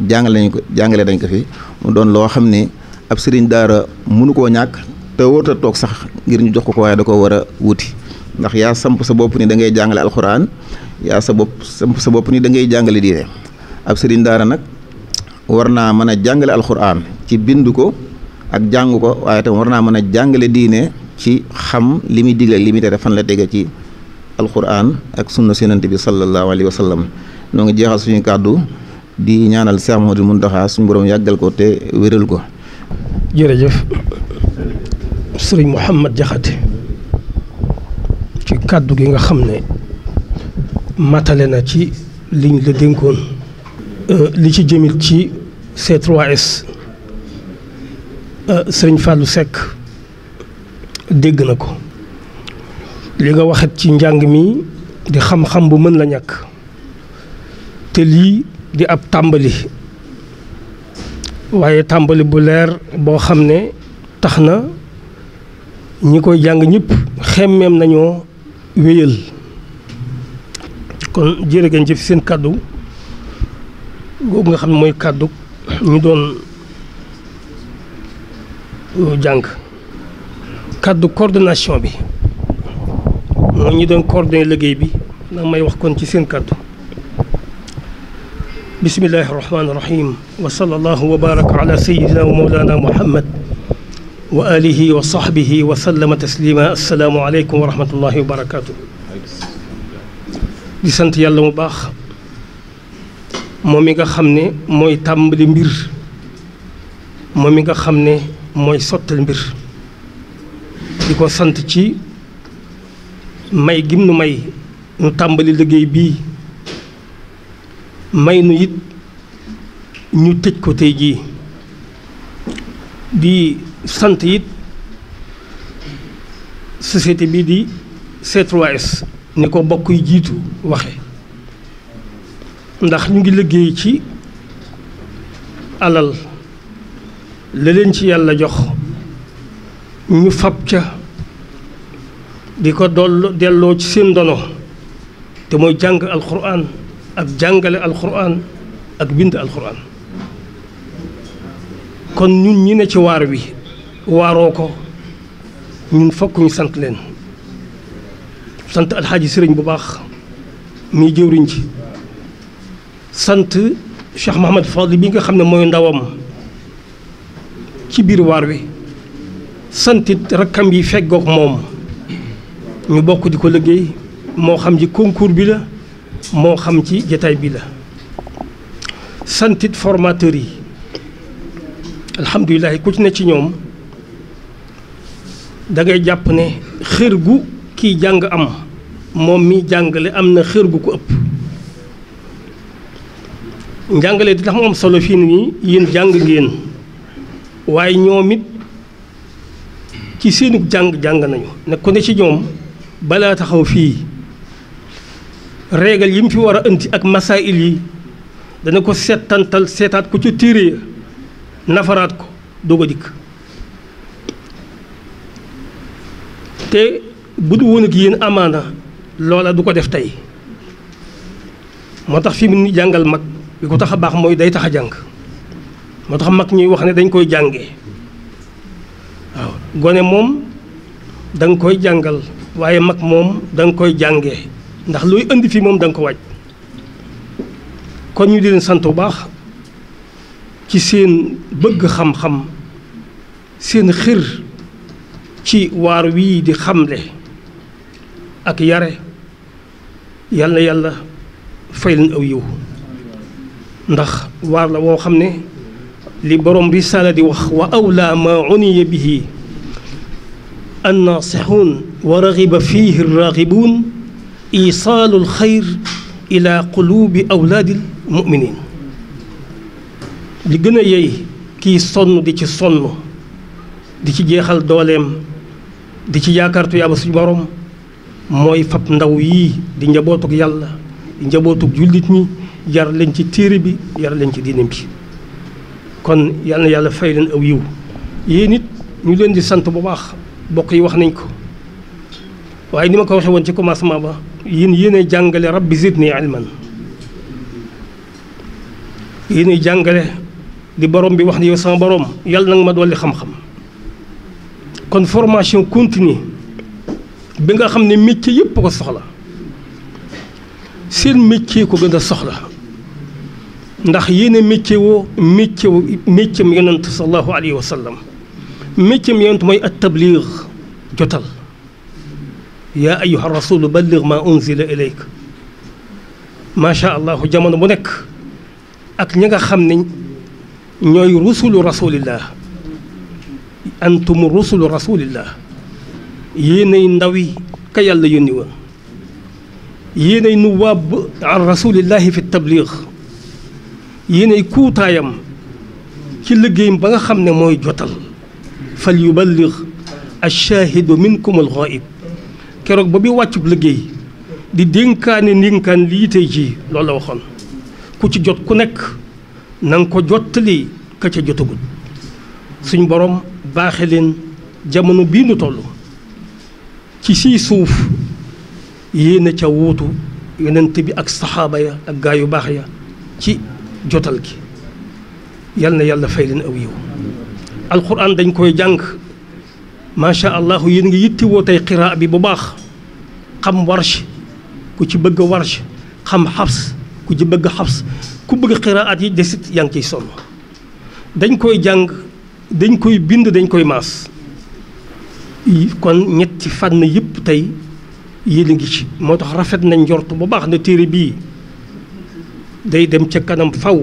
jàngale nañ ko jàngale dañ ko fi mu doon loo xam ne ab sëriñ daara mënu koo ñàkk te wóor a toog sax ngir ñu jox ko ko waaye da koo war a wuti ndax yaa samp sa bopp ni da ngay jàngale alxuraan yaa sa bopp sa bopp ni dangay jàngale diine ab sëriñ daara nag war naa mën a jàngale alxuraan ci bind ko ak jàng ko waaye tam war naa mën a jàngale diine ci xam li muy digle li muy tere fan la tege ci alxuraan ak sunna séenante bi sallallahu alayhi wa sallam ngi jeexal suñu kàddu di ñaanal Cheikh mu Mountakha suñu borom yàggal ko te wéral ko. jërëjëf sëriñ Mouhamed Diakhaté ci kàddu gi nga xam ne. matale na ci liñ la dénkoon euh, li ci jëmit ci C3S sëriñ euh, Fallou Seck dégg na ko li nga waxet ci njàng mi di xam-xam bu mën la ñàkk te lii di ab tàmbali waaye tàmbali bu leer boo xam ne tax na ñi koy jàng ñépp xemmeem nañoo wéyal kon jërë ngeen jëf seen kàddu googu nga xam ne mooy kàddu ñu doon jàng kàddu coordination bi mooy ñu doon coordonné liggéey bi naa may wax kon ci seen kàddu bismillahi rahmaani rahim wa sallallahu wa baraka wax sayidina wa mawlana muhammad wa alihi wa sahbihi di sant yàlla mu baax moom mi nga xam ne mooy tàmbali mbir moom mi nga xam ne mooy sottal mbir di ko sant ci may gim nu may nu tàmbali liggéey bi may nu it ñu tëj ko tey jii di sant it société bi di c ni ko bokk yi jiitu waxe ndax ñu ngi liggéey ci alal la leen ci yàlla jox ñu fab ca di ko doll delloo ci seen dono te mooy jàng alxuraan ak jàngale alxuraan ak bind alxuraan kon ñun ñi ne ci waar wi waaroo ko ñun fokk ñu sant leen sant alxaaji sëriñ bu baax mii jëwriñ ci sant Cheikh Mouhamad Fadli bi nga xam ne mooy ndawam ci biir waar wi santit rakkam yi feggoog moom ñu bokk di ko liggéey moo xam ci concours bi la moo xam ci jataay bi la santit formateur yi alhamdulilah ku ci ne ci ñoom da ngay jàpp ne xër gu kii jàng am moom mi jàngale am na xër gu ko ëpp njàngale di tax mu solo fii nii yéen jàng ngéen waaye ñoom it ci seenu jàng-jàng nañu ne ko ne ci ñoom balaa taxaw fii réegal yi mu fi war a indi ak masaayil yi dana ko seetantal seetaat ko ci téere ya nafaraat ko doog a dikk te bu du woon ak yéen amaana loola du ko def tey moo tax fi mu jàngal mag bi ko tax a baax mooy day tax a jàng moo tax mag ñuy wax ne dañ koy jànge waaw gone moom da koy jàngal waaye mag moom da koy jàngee ndax looy indi fii moom da ko waaj kon ñu di leen sant bu baax ci seen bëgg xam-xam seen xir ci waar wii di xam xamle ak yare yal na yàlla fay leen aw yiw ndax waar la woo xam ne li borom risaala di wax wa awlaa maa uniya bihi annaasixuun wa raxiba fiihi raaxibuun isaalu alxayr ila quluubi awlaadil muminin li gën a yey kii sonn di ci sonn di ci jeexal dooleem di ci yaakaar tuyaaba suñu borom mooy fab ndaw yii di njabootuk yàlla di njabootuk jullit ni yar leen ci téere bi yar leen ci diine bi kon yal yàlla fay leen aw yiw yéen it ñu leen di sant bu baax bokk yi wax nañ ko waaye ni ma ko waxee woon ci commencement ba yéen yéenay jàngale rabbi zidni ilman yéenay jàngale di borom bi wax ne yow sama borom yàlla nang ma dolli xam-xam kon formation continue bi nga xam ne métier yëpp ko soxla seen métier ko gën a soxla ndax yéen a métier woo métier wu métier mu yonent sallallahu alayhi wa sallam métier mu mooy at tabliir jotal yaa ayyuha rasulu balligh ma unzila ilayk macha allah jamono bu nekk ak ña nga xam ne ñooy rusulu rasulillah antum rusulu rasulillah yéenay ndaw yi ka yàlla yónni woon yéenay nuwaab an rasulillahi fi tabliix yéenay kuutaayam ci liggéeyam ba nga xam ne mooy jotal fal yuballigh ash-shaahidu minkum al-ghaa'ib keroog ba bi wàccub liggéey di dénkaane ndénkaan lii tey jii loolu waxoon ku ci jot ku nekk na ko jottali ka ca jotagul suñ borom baaxe leen jamono bii nu toll ci sii suuf yéen ca wuutu yonent bi ak saxaaba ya ak gaa yu baax ya ci jotal gi yal na yàlla fay leen aw yiw alquran dañ koy jàng macha allah yéen ngi yitti woo tey xiraa bi bu baax xam warsh ku ci bëgg warsh xam xabs ku ci bëgg xabs ku bëgg xiraat yi desit yaa ngi ciy sonn dañ koy jàng dañ koy bind dañ koy maas kon ñetti fànn yëpp tey yéen a ngi ci moo tax rafet nañ njort bu baax na téere bii day dem ca kanam faw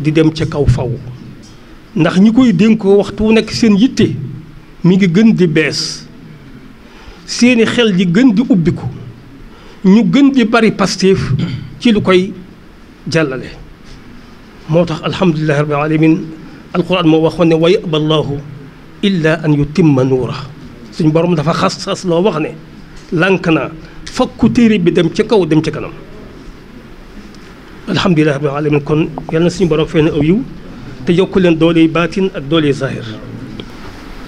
di dem ca kaw faw ndax ñi koy dénkoo waxtu wu nekk seen yitte mi ngi gën di bees seeni xel ji gën di ubbiku ñu gën di bari pastéef ci lu koy jàllale moo tax alhamdulilahi rabbil alamin alquran moo waxoon ne wa yaba allahu illa an yutimma nuura suñu boroom dafa xas-xas loo wax ne lànk naa fokk téere bi dem ci kaw dem ci kanam alhamdulilah rabbil alamin kon yal na suñu borom fee na aw yiw te yokk leen doole baatin ak doole zahir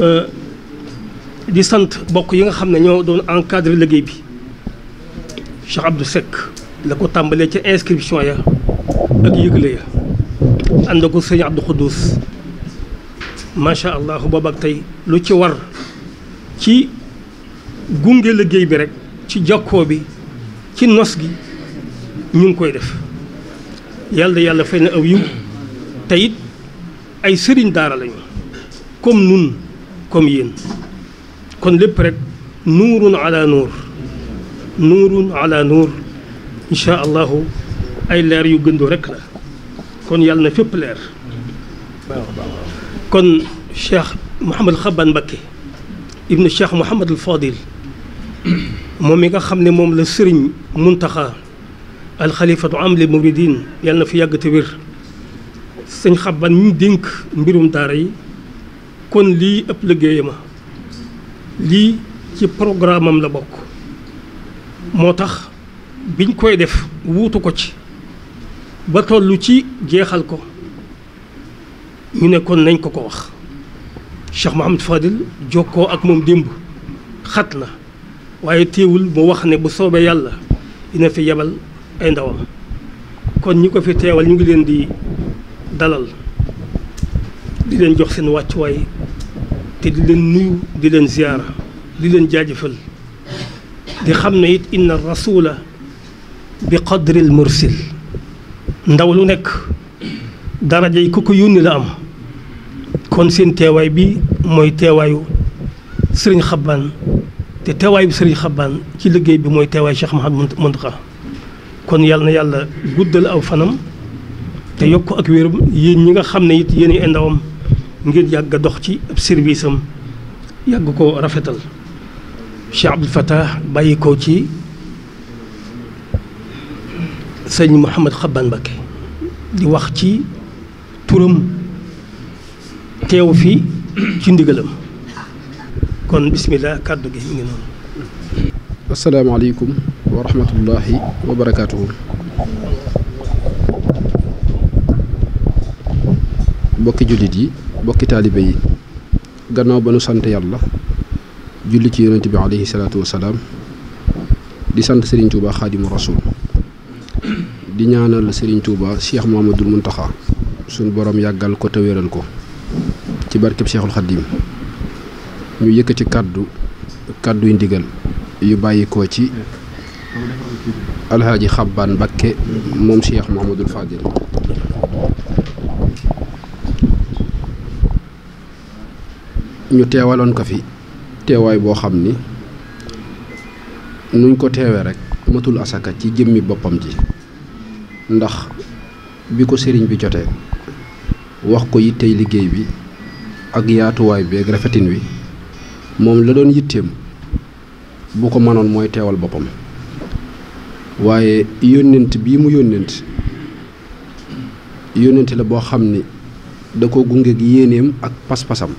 euh, di sant bokk yi nga xam ne ñoo doon encadré liggéey bi Cheikh Abdou Seck la ko tàmbalee ca inscription ya ak yëgle ya ànd ko sëñ Abdou Khoudous macha allah boobu ak tey lu ci war ci gunge liggéey bi rek ci jokkoo bi ci nos gi ñu ngi koy def yàlla yàlla fay na aw yiw te ay sëriñ daara lañu comme nun comme yéen kon lépp rek nuurun ala nuur nuurun ala nuur incha allahu ay leer yu gëndoo rek la kon yàlla na fépp leer kon cheikh Mouhamadul Xaban Mbakke ibnu cheikh Mouhamadul Fadil moom mi nga xam ne moom la sëriñ Muntaxa alxalifatu am li muridin yàlla na fi yàgg te wér sëñ Xaban ñu dénk mbirum daara yi kon lii ëpp liggéeyama lii ci programme am la bokk moo tax biñ koy def wuutu ko ci ba tollu ci jeexal ko ñu ne kon nañ ko ko wax Cheikh Mouhamad Fadil jokkoo ak moom démb xat na waaye téewul mu wax ne bu soobee yàlla dina fi yebal ay ndawam kon ñi ko fi teewal ñu ngi leen di dalal di leen jox seen wàccuwaay te di leen nuyu di leen ziyaara di leen jaajëfal di xam ne it inna rasula bi qadril mursil ndaw lu nekk daraja yi ku ko yónni la am kon seen teewaay bi mooy teewaayu sëriñ xaban te teewaayu sëriñ xaban ci liggéey bi mooy teewaayu Cheikh Mouhamadou Mountakha kon yàlla na yàlla guddal aw fanam te yokk ak wéram yéen ñi nga xam ne it yéen ay ndawam ngeen yàgg a dox ci ab service yàgg ko rafetal Cheikh Abdou Fattah bàyyi ko ci sëñ Mouhamad Xabbaan Mbakke di wax ci turam teew fii ci ndigalam kon bisimilah kàddu gi mi ngi noonu. asalaamaaleykum wa rahmatullahi wa bokki jullit yi bokki taalibe yi gannaaw ba nu sant yàlla julli ci yonent bi aleyhi salaatu wa salaam di sant Serigne Touba xaadimu rasul di ñaanal Serigne Touba Cheikh Mouhamadoul Mountakha sunu borom yàggal ko te ko. ci barkeb Cheikhul Khadim ñu yëkkati kàddu kàddu yu ndigal yu bàyyi bàyyikoo ci alxaaji xabbaan Mbakke moom Cheikh Mouhamadul Fadil ñu teewaloon ko fi teewaay boo xam ni nuñ ko teewe rek matul asaka ci jëmmi boppam ji ndax bi ko sëriñ bi jotee wax ko yittey liggéey bi ak yaatuwaay bi ak rafetin wi moom la doon yitteem bu ko mënoon mooy teewal boppam waaye yonent bii mu yónnent yónnent la boo xam ni da ko gunge ak yéeneem ak pas-pasam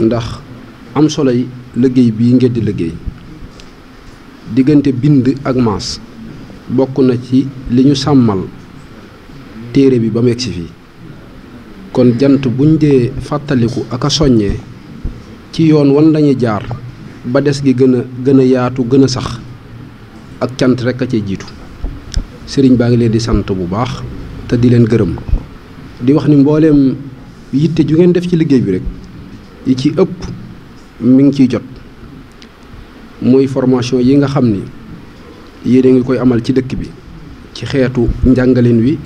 ndax am soloy liggéey bi ngeen di liggéey diggante bind ak maas bokk na ci li ñu sàmmal téere bi ba mu fii kon jant buñ dee fàttaliku ak a soññee ci yoon wan lañuy jaar ba des gi gën a gën a yaatu gën a sax ak cant rek a cay jiitu sëriñ baa ngi leen di sant bu baax te di leen gërëm di wax ni mbooleem yitte ju ngeen def ci liggéey bi rek yi ci ëpp mi ngi ciy jot mooy formation yi nga xam ni yéen ngi koy amal ci dëkk bi ci xeetu njàngalin wi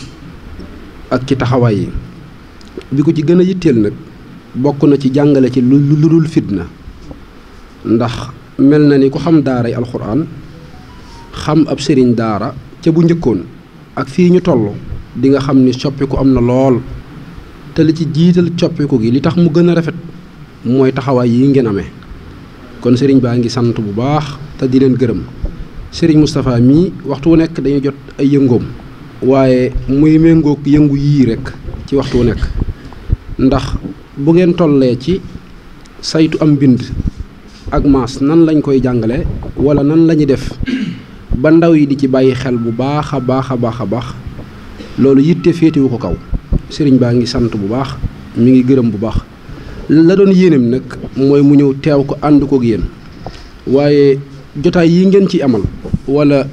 ak ci taxawaay yi bi ko ci gën a yitteel nag bokk na ci jàngale ci lu lu dul fitna ndax mel na ni ku xam daaray alxuraan xam ab sëriñ daara ca bu njëkkoon ak fii ñu toll dinga xam ni coppiku am na lool te li ci jiital coppiku gi li tax mu gën a rafet mooy taxawaay yi ngeen amee kon sëriñ baa ngi sant bu baax te di leen gërëm sëriñ Moustapha mii waxtu wu nekk dañu jot ay yëngoom waaye muy méngook yëngu yii rekk ci waxtu wu nekk ndax bu ngeen tollee ci saytu am mbind ak mas nan lañ koy jàngale wala nan la def ba ndaw yi di ci bàyyi xel bu baax a baax a baax a baax loolu yitte féetewu ko kaw sëriñ baa ngi sant bu baax mu ngi gërëm bu baax la doon yéeneem nag mooy mu ñëw teew ko ànd koog yéen waaye jotaay yi ngeen ciy amal wala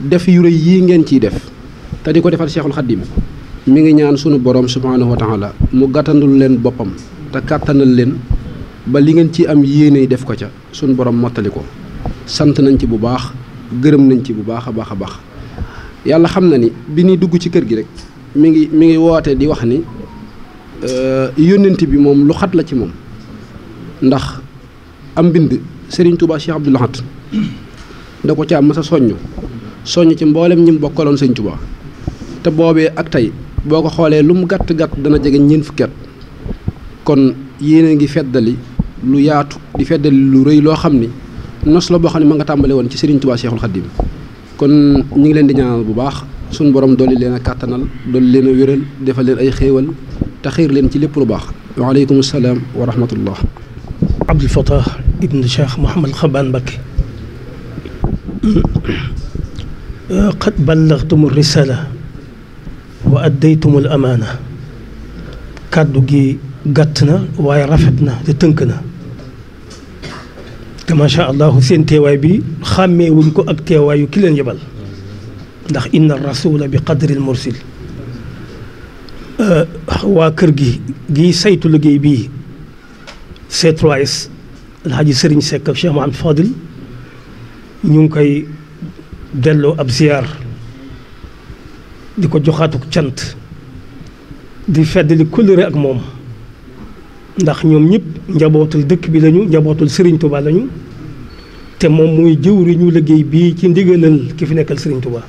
def yu yi ngeen ciy def te di ko defal Cheikhul Khadim mi ngi ñaan sunu borom subhaanahu wa la mu gàttandul leen boppam te kàttanal leen ba li ngeen ci am yéene def ko ca sunu borom mottali ko sant nañ ci bu baax gërëm nañ ci bu baax a baax a baax yàlla xam na ni bi ñuy dugg ci kër gi rek mu ngi mi ngi woote di wax ni euh, yónnent bi moom lu xat la ci moom ndax am mbind Serigne Touba Cheikh Abdou Lahad da ko caa mas a soññ soññ ci mboolem ñi mu bokkaloon Serigne Touba te boobee ak tey boo ko xoolee lu mu gàtt gàtt dana jege ñeent fukki kon yéen a ngi feddali lu yaatu di feddali lu rëy loo xam ni nos la boo xam ne ma nga tàmbali woon ci Serigne Touba Cheikhul Khadim kon ñu ngi leen di ñaanal bu baax suñu borom dolli leen a kàttanal dolli leen a wéral defal leen ay xéewal te xiir leen ci lépp lu baax. waaleykum salaam wa rahmatullah. Abdul Fatah ibn Cheikh Mouhamad Xabaan Mbakke. <clears throat> qad ballaxtumu risala wa addaytumul amaana kàddu gi gàtt na waaye rafet na te tënk na te macha allah seen teewaay bi xàmmee wuñ ko ak teewaayu ki leen yebal ndax inna rasula bi qadril mursil waa kër gi gi saytu liggéey bi c 3 alhaji Sëriñ Seck ak Cheikh Mouhamed Fadil ñu ngi koy delloo ab ziar di ko joxaatuk cant di feddali kóllëre ak moom ndax ñoom ñëpp njabootul dëkk bi lañu njabootul Serigne Touba lañu te moom muy jëwriñu liggéey bii ci ndigalal ki fi nekkal Serigne Touba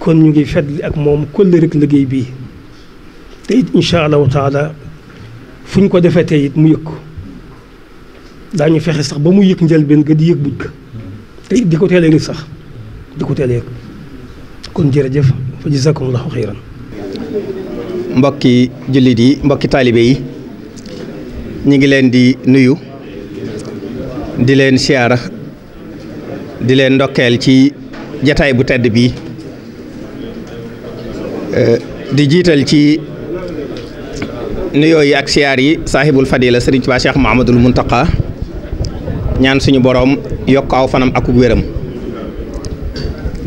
kon ñu ngi feddali ak moom kóllëre ak liggéey bii te it incha allahu taala fu ñu ko defee te it mu yëg ko daañu fexe sax ba mu yëg njëlbeen ga di yëg buñ te it di ko teel a sax di ko teel yëg kon jërëjëf. fa jazakumullahu xayran mbokki jullit yi mbokki taalibe yi ñu ngi leen di nuyu di leen siyaara di leen ndokkeel ci jataay bu tedd bi eh, di jiital ci nuyoo yi ak siyaar yi saahibul fadila sëriñ Tuubaa Cheikh Muhammadul Muntaqa ñaan suñu boroom yokk aw fanam ak wéram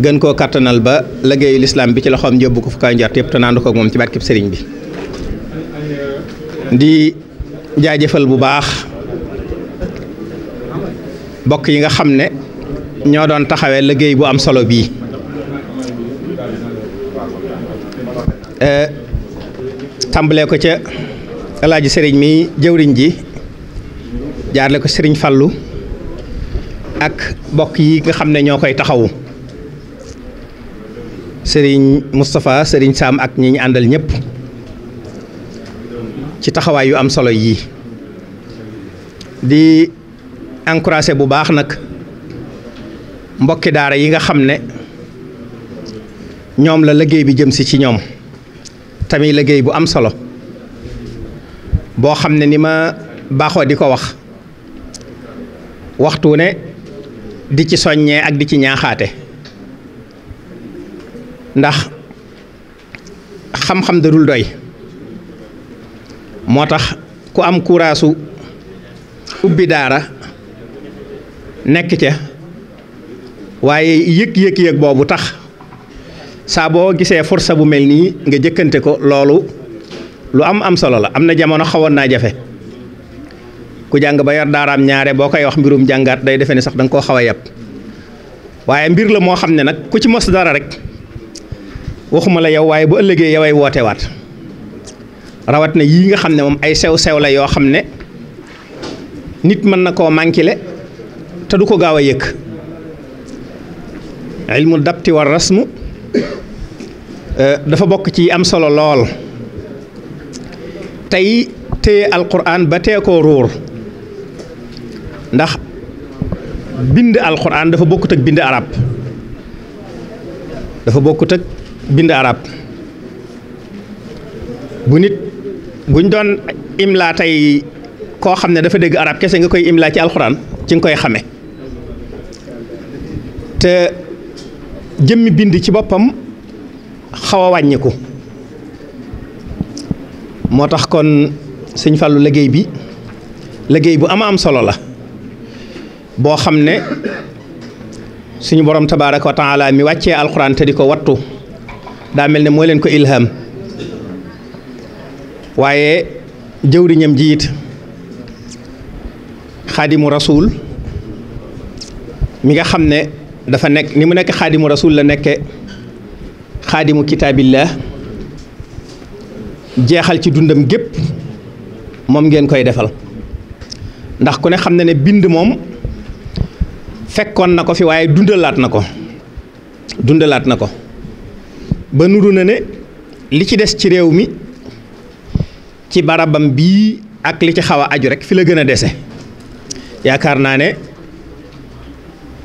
gën koo kattanal ba liggéeyu lislaam bi ci loxoom yóbbu ko fu kaay njort yëpp te naandu ko ak moom ci barkeb sëriñ bi di jaajëfal bu baax bokk yi nga xam ne ñoo doon taxawee liggéey bu am solo bii eh, tàmbalee ko ca alaaji sëriñ mi jëwriñ ji jaarle ko sëriñ Fallu ak bokk yi nga xam ne ñoo koy taxawu sëriñ Moustapha sëriñ saam ak ñi ñu àndal ñëpp ci taxawaay yu am solo yii di encouragé bu baax nag mbokki daara yi nga xam ne ñoom la liggéey bi jëm si ci ñoom tamit liggéey bu am solo boo xam ne ni ma baaxoo di ko wax waxtu ne di ci soññee ak di ci ñaaxaate ndax xam-xam da dul doy moo tax ku am kuraasu ubbi daara nekk ca waaye yëg-yëg yëg boobu tax saa boo gisee forsa bu mel nii nga jëkkante ko loolu lu am am solo la am na jamono xawoon naa jafe ku jàng ba yor daaraam ñaare boo koy wax mbirum jàngaat day defe ne sax da koo xaw a yàpp waaye mbir la moo xam ne nag ku ci mos dara rek waxuma la yow waaye bu ëllëgee yaway woote wootewaat rawat na yii nga xam ne moom ay sew-sew la yoo xam ne nit mën na koo mànkile te du ko gaaw a yëkk ilmu dabti war rasmu eh, dafa bokk ci am solo lool tey téye alquran ba tee koo ndax bind alquran dafa bokkut ak bind arab dafa bokkut ak bind arab bu nit buñ doon imlaa tey koo xam ne dafa dégg arab kese nga koy imlaa ci alxuraan ci nga koy xame te jëmmi bind ci boppam xawa wàññiku moo tax kon sëñ Fallou liggéey bi liggéey bu ama am solo la boo xam ne suñu borom tabaaraka wa taala mi wàccee alxuraan te di ko wattu daa mel ni moo leen ko ilham waaye jëwriñam ji it xaadimu rasuul mi nga xam ne dafa nekk ni mu nekk xaadimu rasuul la nekke xaadimu kitaabillah jeexal ci dundam gépp moom ngeen koy defal ndax ku ne xam na ne bind moom fekkoon na ko fi waaye dundalaat na ko dundalaat na ko ba nuru na ne li ci des ci réew mi ci barabam bii ak li ci xaw a aju rek fi la gën a dese yaakaar naa ne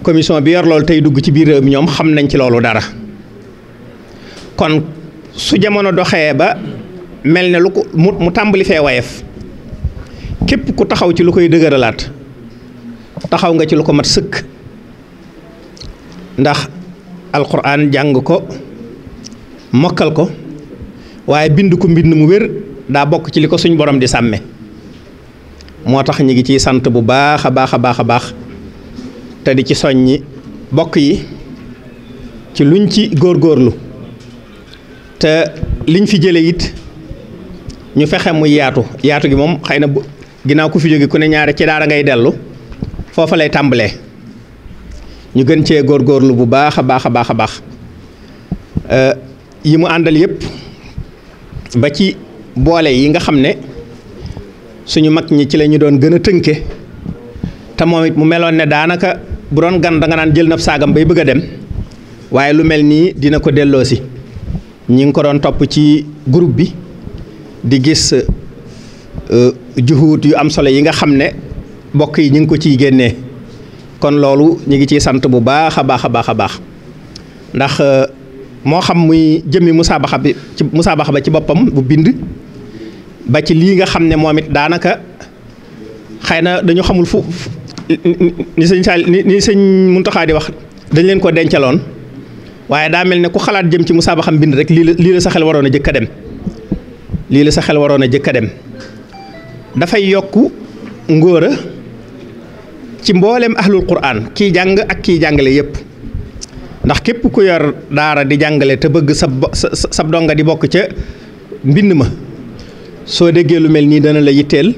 commission bi yor loolu tey dugg ci biir réew mi ñoom xam nañ ci loolu dara kon su jamono doxee ba mel ne lu ko mu mu tàmbali fee wayef képp ku taxaw ci lu koy dëgëralaat taxaw nga ci lu ko mat sëkk ndax alquran jàng ko mokkal ko waaye bind ko mbind mu wér daa bokk ci li ko suñ borom di sàmme moo tax ñu ngi ciy sant bu baax a baax a baax a baax te di ci soññi bokk yi ci luñ ci góor góorlu te liñ fi jële it ñu fexe muy yaatu yaatu gi moom xëy na bu ginnaaw ku fi jóge ku ne ñaari ci daara ngay dellu foofa lay tàmbalee ñu gën cee góor góorlu bu baax a baax a baax a baax euh, yi mu àndal yëpp ba ci boole yi nga xam ne suñu mag ñi ci la ñu doon gën a tënke te moom it mu meloon ne daanaka bu doon gan danga naan jël nab saagam bay bëgg a dem waaye lu mel nii dina ko delloosi ñi ngi ko doon topp ci groupe bi di gis euh, juhuut yu am solo yi nga xam ne mbokk yi ñu ngi ko ciy génnee kon loolu ñu ngi ciy sant bu baax a baax a baax a baax ndax. Euh, moo xam muy jëmmi musaabaxa bi ci musaabaxa ba ci boppam bu bind ba ci lii nga xam ne moom it daanaka xëy na dañu xamul fu ni sëñ Saal ni sëñ Muntaxa di wax dañ leen ko dencaloon waaye daa mel ne ku xalaat jëm ci musaabaxam bind rek lii la lii la sa xel waroon a jëkk a dem lii la sa xel waroon a jëkk a dem dafay yokk ngóora ci mboolem ahlul quraan kii jàng ak kii jàngale yépp ndax képp ku yor daara di jàngale te bëgg sab dongo di bokk ca mbind ma soo déggee lu mel nii dana la yitteel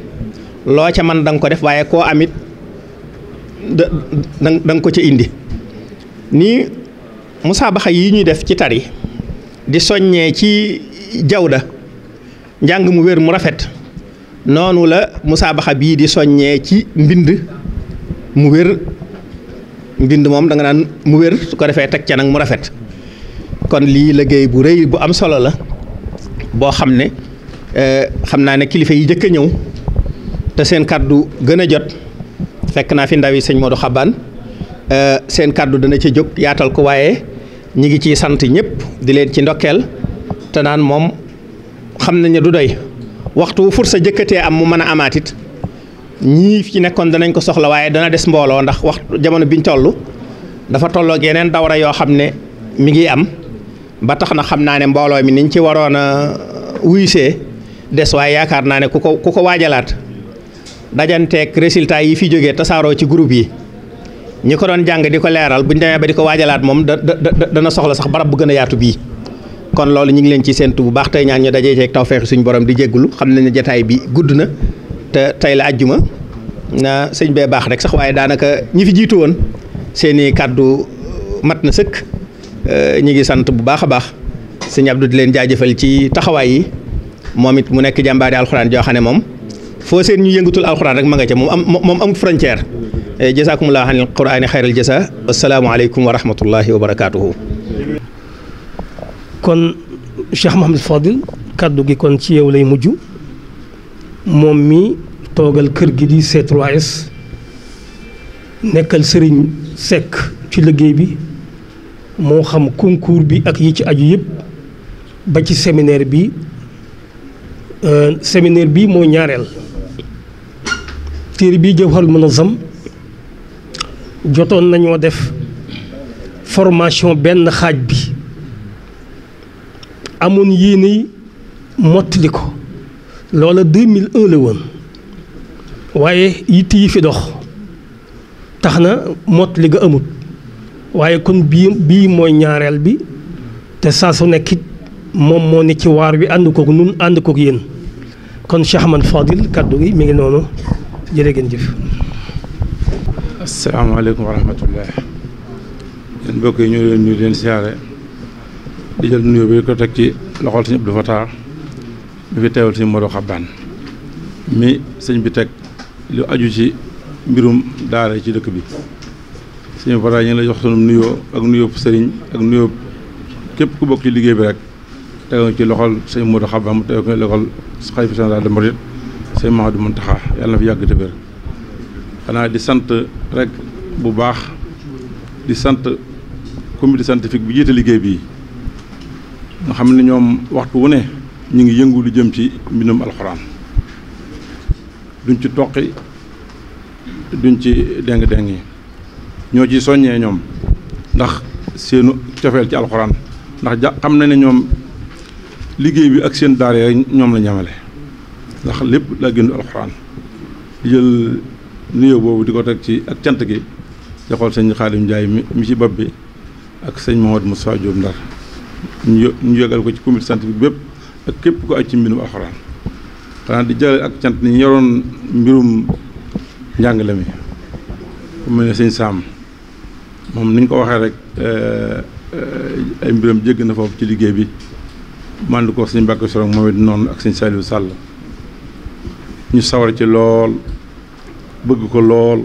loo ca man danga ko def waaye koo amit da da ko ca indi nii musaabaxa yi ñuy def ci tari di soññee ci jawda njàng mu wér mu rafet noonu la musaabaxa bii di soññee ci mbind mu wér mbind moom da nga naan mu wér su ko defee teg ca nag mu rafet kon lii liggéey bu rëy bu am solo la boo xam ne eh, xam naa ne kilifa yi jëkk a ñëw te seen kàddu gën a jot fekk naa fi ndaw yi sëñ Modou Xabaan eh, seen kàddu dana ci jóg yaatal ko waaye ñi ngi ciy sant ñépp di leen ci ndokkeel te naan moom xam nañ ne du doy waxtu wu fursa jëkkatee am mu mën a amaatit ñii fi nekkoon danañ ko soxla waaye dana des mbooloo ndax wax jamono biñ toll dafa tolloog yeneen dawra yoo xam ne mi ngi am ba tax na xam naa ne mbooloo mi niñ ci waroon a wuyusee des waaye yaakaar naa ne ku ko ku ko waajalaat dajanteeg résultat yi fi jógee tasaaroo ci groupe yi ñi ko doon jàng di ko leeral buñ demee ba di ko waajalaat moom da dana soxla sax barab bu gën a yaatu bii. kon loolu ñu ngi leen ci séentu bu baax tey ñaan ñu dajee ceeg tawféexi suñu borom di jéggulu xam nañ ne jataay bi gudd na. te tey la ajjuma na sëñ bee baax rek sax waaye daanaka ñi fi jiitu woon seeni kàddu euh, mat na sëkk euh, ñi ngi sant bu baax a baax sëñ Abdou di leen jaajëfal ci taxawaay yi moom it mu nekk jàmbaari alxuraan joo xam ne moom foo seen ñu yëngatul alxuraan rek ma nga ca moom am moom amut frontière eh, jazaakumullaahu anil quraani xayral jazaa assalaamu aleykum wa rahmatullaahi wa barakaatuhu kon Cheikh Mouhamadou Fadil kaddu gi kon ci yow lay mujj moom mi toogal kër gi di c nekkal sëriñ Seck ci liggéey bi moo xam concours bi ak yi ci aju yëpp ba ci séminaire bi euh, séminaire bi mooy ñaareel téere bi Jawharul Munazzam jotoon nañoo def formation benn xaaj bi amoon yéene mottali ko loola 2001 la woon waaye yitt yi fi dox tax na mott li nga amut waaye kon bii bii mooy ñaareel bi te saa su nekkit moom moo ne ci waar bi ànd kook nun ànd kook yéen kon Cheikh Ahmad kàddu gi mi ngi noonu jërë ngeen jëf. asalaamaaleykum wa rahmatullah yéen mbokk ci loxol Sëñ Abdou mi fi teewal si Modou Xabaan mi sëñ bi teg lu aju ci mbirum daara ci dëkk bi sëñ Fara ñu ngi lay jox sunu nuyoo ak nuyoo sëriñ ak nuyoo képp ku bokk ci liggéey bi rek tegal ci loxol sëñ Modou Xabaan mu tegal ko loxol xalifa général des mourides sëñ Mahdou Muntaxa yàlla na fi yàgg te xanaa di sant rek bu baax di sant comité scientifique bi jiite liggéey bii nga xam ne ñoom waxtu wu ne ñu ngi yëngu lu jëm ci mbindum alxuraan duñ ci toqi duñ ci déng-déng yi ñoo ci soññee ñoom ndax seenu cofeel ci alxuraan ndax ja xam na ne ñoom liggéey bi ak seen daara rek ñoom la ñamale ndax lépp la gëndu alxuraan di jël boobu di ko teg ci ak cant gi di xool sëñ Xaadim Njaay mi ci bopp bi ak sëñ Mouhamadou Moussa Diop Ndar ñu yëgal ko ci sant scientifique bépp képp ko ak ci mbirum alxuraan xanaa di jëlal ak cant ni yoroon mbirum njàngale mi ku mel ne sëñ Saam moom ni ñu ko waxee rek eh, eh, ay mbiram jégg na foofu ci liggéey bi mànd ko sëñ Mbàkke Sorong moom it noonu ak sëñ Saliou Sàll ñu sawar ci lool bëgg ko lool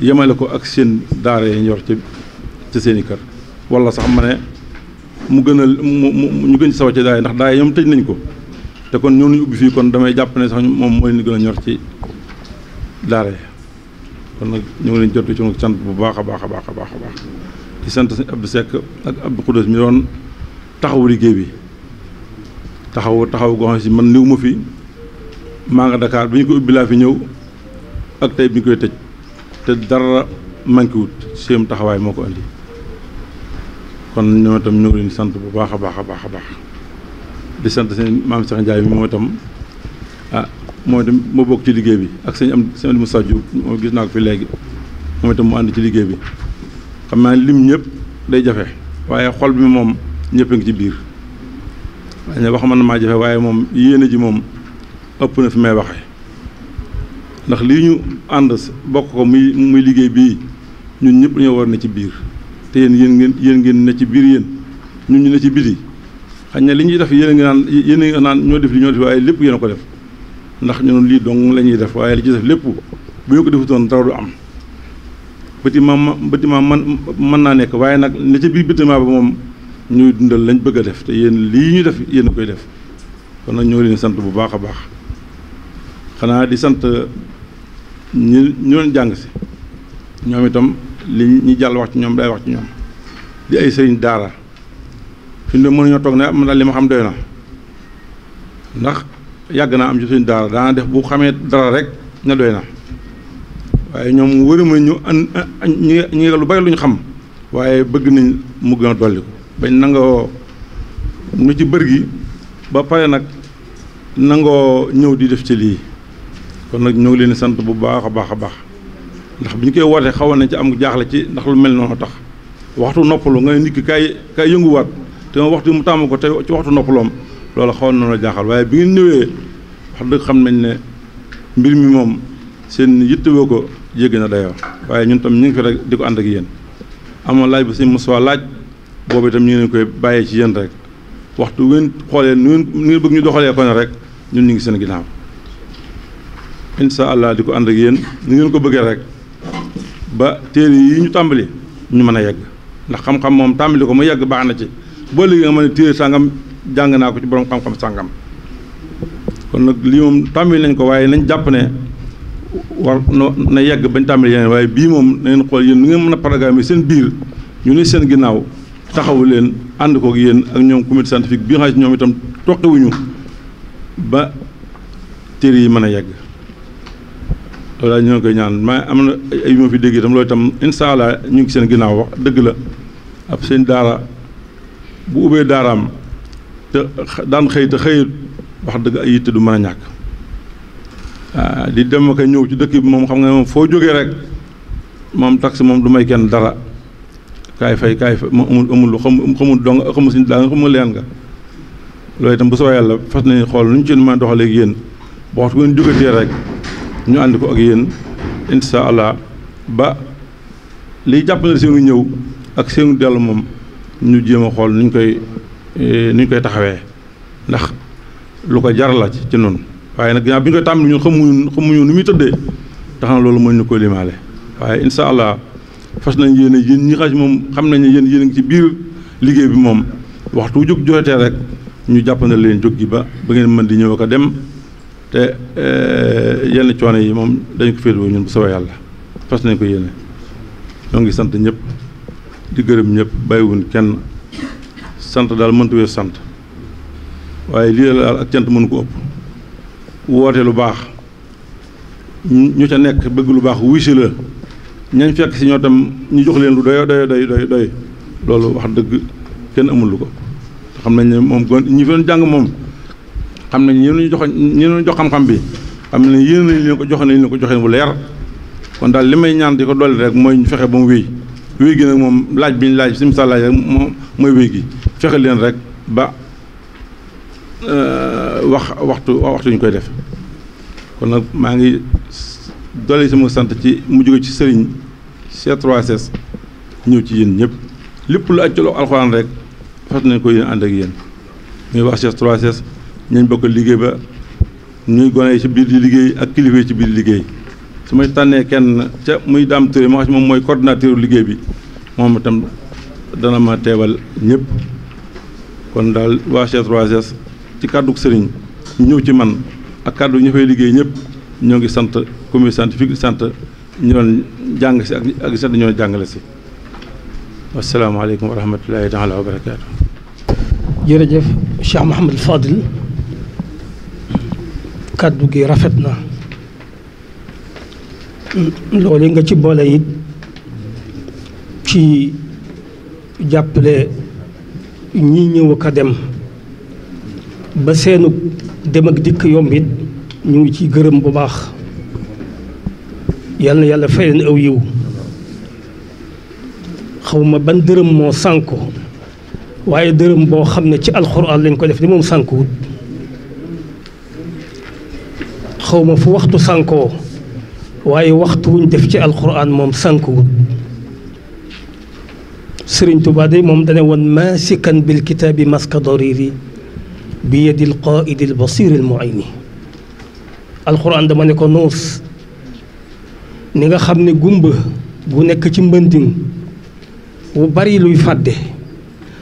yemale ko ak seen daara yi ñor ci ci seen i kër wala sax ma ne mu gën a mu ñu gën ci sawar ci daay ndax daay ñoom tëj nañ ko te kon ñoo ñu ubbi fii kon damay jàpp ne sax moom moo leen gën ñor ci daara yi kon nag ñu ngi leen jot ci sant bu baax a baax a baax a baax a baax di sant sëñ Abdou Seck ak Abdou Khoudous mi taxawu liggéey bi taxaw taxaw goo xam si man niw ma fi maa nga Dakar bi ñu ko ubbi laa fi ñëw ak tey bi ñu koy tëj te dara manqué wut seen taxawaay moo ko andi. kon ñoom itam ñu ngi sant bu baax a baax a baax a baax di sant seen maam Cheikh Ndiaye bi moom itam ah moo itam bokk ci liggéey bi ak sëñ am sëñ Moussa Diouf moo gis naa ko fi léegi moo itam mu ànd ci liggéey bi xam naa lim ñëpp day jafe waaye xol bi moom ñëpp ngi ci biir waaye wax man na maa jafe waaye moom yéene ji moom ëpp na fi may waxee ndax lii ñu ànd bokk muy muy liggéey bii ñun ñëpp dañoo war ne ci biir te yéen yéen ngeen yéen ngeen ne ci biir yéen ñu ñu ne ci biti xañ na li ñuy def yéen ngi naan yéen a ngi ñoo def li ñoo def waaye lépp yéen ko def ndax ñun lii dong lañuy def waaye li bu ñu ko defutoon dara du am bâtiment ma bâtiment man mën naa nekk waaye nag ne ca biir bâtiment ba moom ñuy dundal lañ bëgg a def te yéen lii ñuy def yéen a koy def kon nag ñoo leen sant bu baax a baax xanaa di sant ñi ñoon jàng si ñoom itam li ñu jàll wax ci ñoom day wax ci ñoom di ay sëriñ daara fi mu ne mënuñoo toog ne na li ma xam doy na ndax yàgg naa am ci sëriñ daara daana def bu xamee dara rek ne doy na waaye ñoom wëri ma ñu ñu ñu lu bari lu ñu xam waaye bëgg nañ mu gën a dolli ko bañ nangoo nu ci bër gi ba pare nag nangoo ñëw di def ci lii kon nag ñëw leen sant bu baax a baax a baax ndax bi ñu koy wootee xawoon nañ ci am jaaxle ci ndax lu mel noonu tax waxtu noppalu nga ne nit ki kay kaay yënguwaat te waxtu mu tàmm ko te ci waxtu noppaloom loolu xawoon nañoo jaaxal waaye bi ngeen ñëwee wax dëgg xam nañ ne mbir mi moom seen yittewoo ko jéggi na dayoo waaye ñun tam ñu ngi fi rek di ko ànd ak yéen amoon laaj bi sëñ Moussa laaj boobu itam ñu ngi koy bàyyee ci yéen rek waxtu ngeen xoolee nu bëgg ñu doxalee ko ne rek ñun ñu ngi seen ginnaaw incha allah di ko ànd ak yéen ni ngeen ko bëggee rek ba téere yi ñu tàmbali ñu mën a yegg ndax xam-xam moom tàmbali ko mu yegg baax na ci boo léegi nga mën a téere sàngam jàng naa ko ci boroom xam-xam sàngam kon nag lii moom tàmbali nañ ko waaye nañ jàpp ne war na yegg bañ tàmbali yeneen waaye bii moom na ngeen xool yéen nu ngeen mën a programme seen biir ñu ne seen ginnaaw taxawu leen ànd koog yéen ak ñoom comité scientifique bi nga xam ne ñoom itam toqiwuñu ba téere yi mën a yegg loolu daal ñu ngi ñaan ma am na ay yu ma fi dégg tam loolu itam incha ñu ngi seen ginnaaw wax dëgg la ab seen daara bu ubbee daaraam te daan xëy te xëyut wax dëgg ay yitte du mën a ñàkk ah, di dem ak ñëw ci dëkk bi moom xam nga moom foo jógee rek moom taxi moom du may kenn dara kaay fay kaay fay moom amul amul lu xam xamul dong xamul si daal nga xamul leen nga loolu itam bu soo yàlla fas nañu xool nu ñu ci mën doxalee ak yéen boo waxtu ngeen jógatee rek. ñu ànd ko ak yéen incha allah ba liy jàppale seenu ñëw ak seenu dellu moom ñu jéem a xool nuñ koy eh, nuñ koy taxawee ndax lu ko jarala la ci noonu waaye nag ginnaaw bi ñu koy tàmbali ñun xamuñu xamuñu muy tëddee tax loolu mën ñu ko limaale waaye incha allah fas nañ yéen yéen ñi xas moom xam nañ yéen yéen a ngi ci biir liggéey bi moom waxtu jóg joxetee rek ñu jàppandal leen jóg gi ba ba ngeen mën di ñëw ak a dem te e, yenn coono yi moom dañ ko féetewoo ñun bu soobee yàlla fas nañ ko yéene ñoo ngi sant ñëpp di gërëm ñëpp bàyyiwuñ kenn sant daal mëntu weesu sant waaye lii daal ak cant mënu ko ëpp woote lu baax ñu ca nekk bëgg lu baax wisi la ñañ fekk si ñoo tam ñu jox leen lu doy doy doy doy loolu wax dëgg kenn amul lu ko xam nañ ne moom gon ñi fi jàng moom xam nañ ñenn ñu jox ñenn ñu jox xam-xam bi xam ne yéen nañ ko joxe na leen ko joxee bu leer kon daal li may ñaan di ko dolli rek mooy ñu fexe ba mu wéy wéy gi nag moom laaj bi ñu laaj bi misaal laaj rek moom mooy wéy gi fexe leen rek ba euh, wax waxtu waxtu ñu koy def kon nag maa ngi dolli sama sant ci mu jóge ci sëriñ C3S ñëw ci yéen ñëpp lépp lu aj ci alxuraan rek fas nañ ko yéen ànd ak yéen muy wax C3S. ñooñ bokk liggéey ba ñuy gone ci di liggéey ak kilifa ci biir liggéey su may tànnee kenn ca muy daam Touré moom mooy coordinateur liggéey bi moom itam ma teewal ñëpp kon daal waa C3S ci kàddu sëriñ ñu ñëw ci man ak kàddu ñu fay liggéey ñëpp ñoo ngi sant comité scientifique sant ñu doon jàng si ak ak sant ñoo jàngale si wasalaamaaleykum wa rahmatulahi taala wa jërëjëf Cheikh Mouhamadou Fadil kàddu gi rafet na loolu nga ci boole it ci jàppale ñi ñëw ak dem ba seenu dem ak dikk yomb it ñu ngi ciy gërëm bu baax yal na yàlla fay leen aw yiw xawma ban dërëm moo sànku waaye dërëm boo xam ne ci alxuraan lañ ko def di moom sànkuwut xaw ma fu waxtu sànkoo waaye waxtu wuñ def ci alxuraan moom sànkuwut sëriñ Tuubaa de moom dane woon maasikan bil kitaabi maska dariri bi yadi l qaidi l basiri l muini alquran dama ne ko noos ni nga xam ne gumba gu nekk ci mbëndin wu bari luy fàdde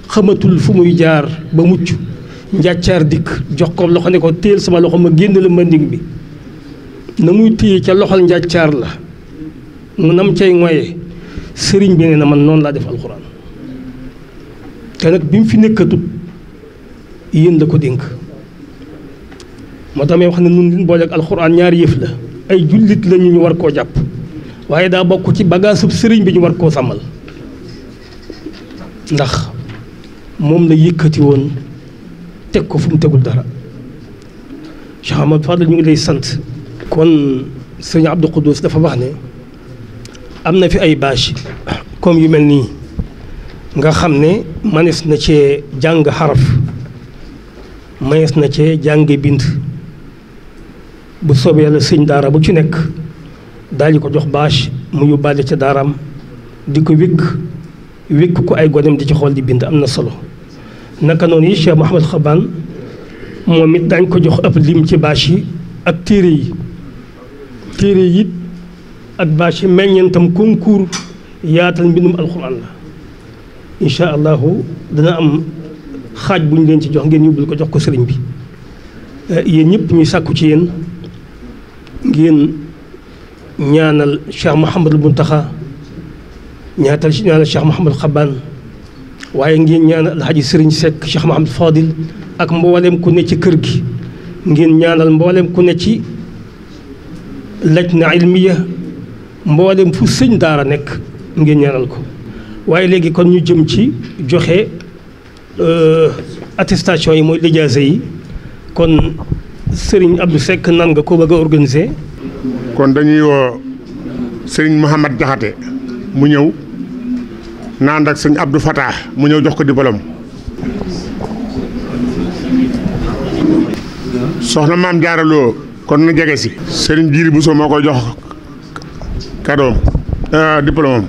xamatul fu muy jaar ba mucc njàccaar dikk jox ko loxo ne ko téel sama loxo ma génn la mbëndin bi na muy téye ca loxol njàccaar la mu nam cay ngoyee sëriñ bi ne na man noonu laa def alxuraan te nag bi mu fi nekkatut yéen la ko dénk moo tax may wax ne nun liñ boole ak alxuraan ñaari yëf la ay jullit la ñu war koo jàpp waaye daa bokk ci bagaasu sëriñ bi ñu war koo sàmmal ndax moom la yëkkati woon teg ko fu mu tegul dara Cheikh Ahmad Fadl ñu ngi lay sant kon sëñ Abdou Khoudous dafa wax ne am na fi ay bâche comme yu mel nii nga xam ne manees na cee jàng xaraf manees na cee jàng bind bu soobee yàlla sëñ daara bu ci nekk daal ko jox bâche mu yóbbaale ca daaraam di ko wékk wékk ko ay gonem di ci xool di bind am na solo naka noonu yi Cheikh Mouhamed Xaban moom it daañ ko jox ab lim ci bâche yi ak téere yi téere it at bâche meññeentam concours yaatal mbindum alxuraan la incha allahu dana am xaaj bu ñu leen ci jox ngeen yóbbul ko jox ko sëriñ bi eh, yéen ñëpp ñu sàkku ci yéen ngeen ñaanal Cheikh Mouhamadul Muntaxa ñaatal ñaanal Cheikh Mouhamadul Xabaan waaye ngeen ñaanal alxaji sëriñ Seck Cheikh Mouhamadul Fadil ak mboolem ko nekk ci kër gi ngeen ñaanal mboolem ko nekk ci na ilmiya mboolem fu sëñ daara nekk ngeen ñaanal ko waaye léegi kon ñu jëm ci joxe euh, attestation yi mooy lijaasa yi kon sëriñ Abdou Seck nan nga ko bëgg a kon dañuy woo sëriñ Mouhamad Diakhaté mu ñëw naan ak sëñ Abdou Fatah mu ñëw jox ko diplôme. soxna maam jaaraloo kon nu jege si. Serigne bu Bousso moo koy jox cadeau am euh, sëriñ am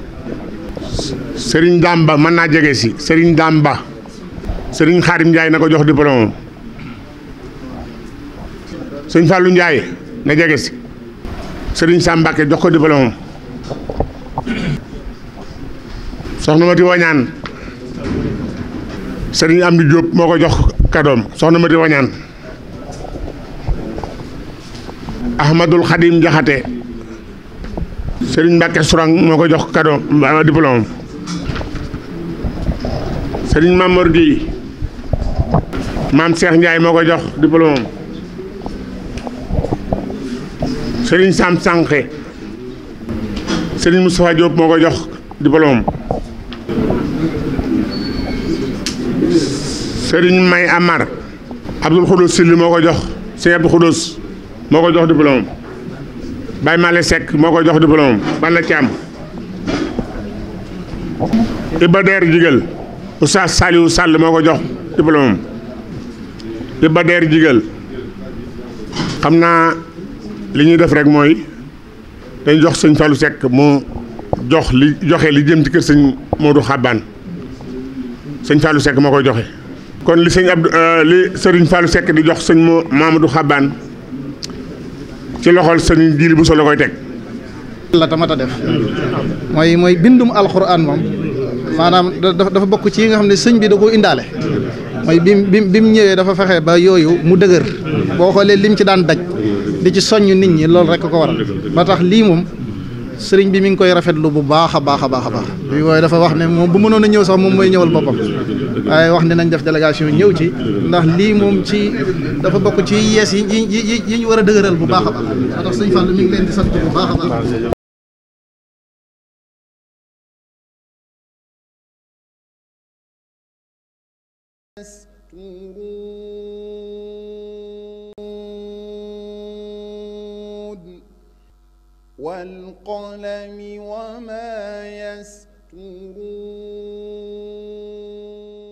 Serigne Damba mën naa jege si Serigne Damba Serigne Xaadim Ndiaye na ko jox diplôme am Serigne Fallou na jege si Serigne Sambake jox ko diplôme am soxna Mati Wañaan am Amdi Diop moo ko jox kadoom am soxna Mati Wañaan ahmadul xadim jaxate sëriñ Mbàkke Sourang moo ko jox cadeau euh, diplôme sëriñ Mamor Guèye maam Cheikh Ndiaye moo ko jox diplôme sëriñ Sam Sànqe sëriñ Moustapha Diop moo ko jox diplôme sëriñ May Amar Abdoul Khoudous Sill moo ko jox sëriñ Abdoul Khoudous moo ko jox diplôme Baye Malick sekk moo ko jox diplôme Balla Thiam Iba Der Jigal Oustaz Saliou Sall moo ko jox diplôme Iba Der Jigal xam naa li ñuy def rek mooy dañ jox sëñ Fallou sekk mu jox li joxe li jëm ci kër sëñ Modou Xabaan moo koy joxe kon li sëñ Abdou euh, li sëriñ Fallou Seck di jox sëñ du Xabaan ci loxol sëñ Jili Buso la koy teg. la tamata def mooy mooy bindum alxuraan moom maanaam dafa bokk ci yi nga xam ne sëñ bi da koo indaale. mooy bi bi bi mu ñëwee dafa fexe ba yooyu mu dëgër boo xoolee lim ci daan daj li ci soññ nit ñi loolu rek ko waral ba tax lii moom. sëriñ bi mi ngi koy rafetlu bu baax a baax a baax a baax bi mooy dafa wax ne moom bu mënoon a ñëw sax moom mooy ñëwal boppam waaye wax ne nañ def délégation ñëw ci ndax lii moom ci dafa bokk ci yees yi yi yi ñu war a dëgëral bu baax a baax bu baax a baax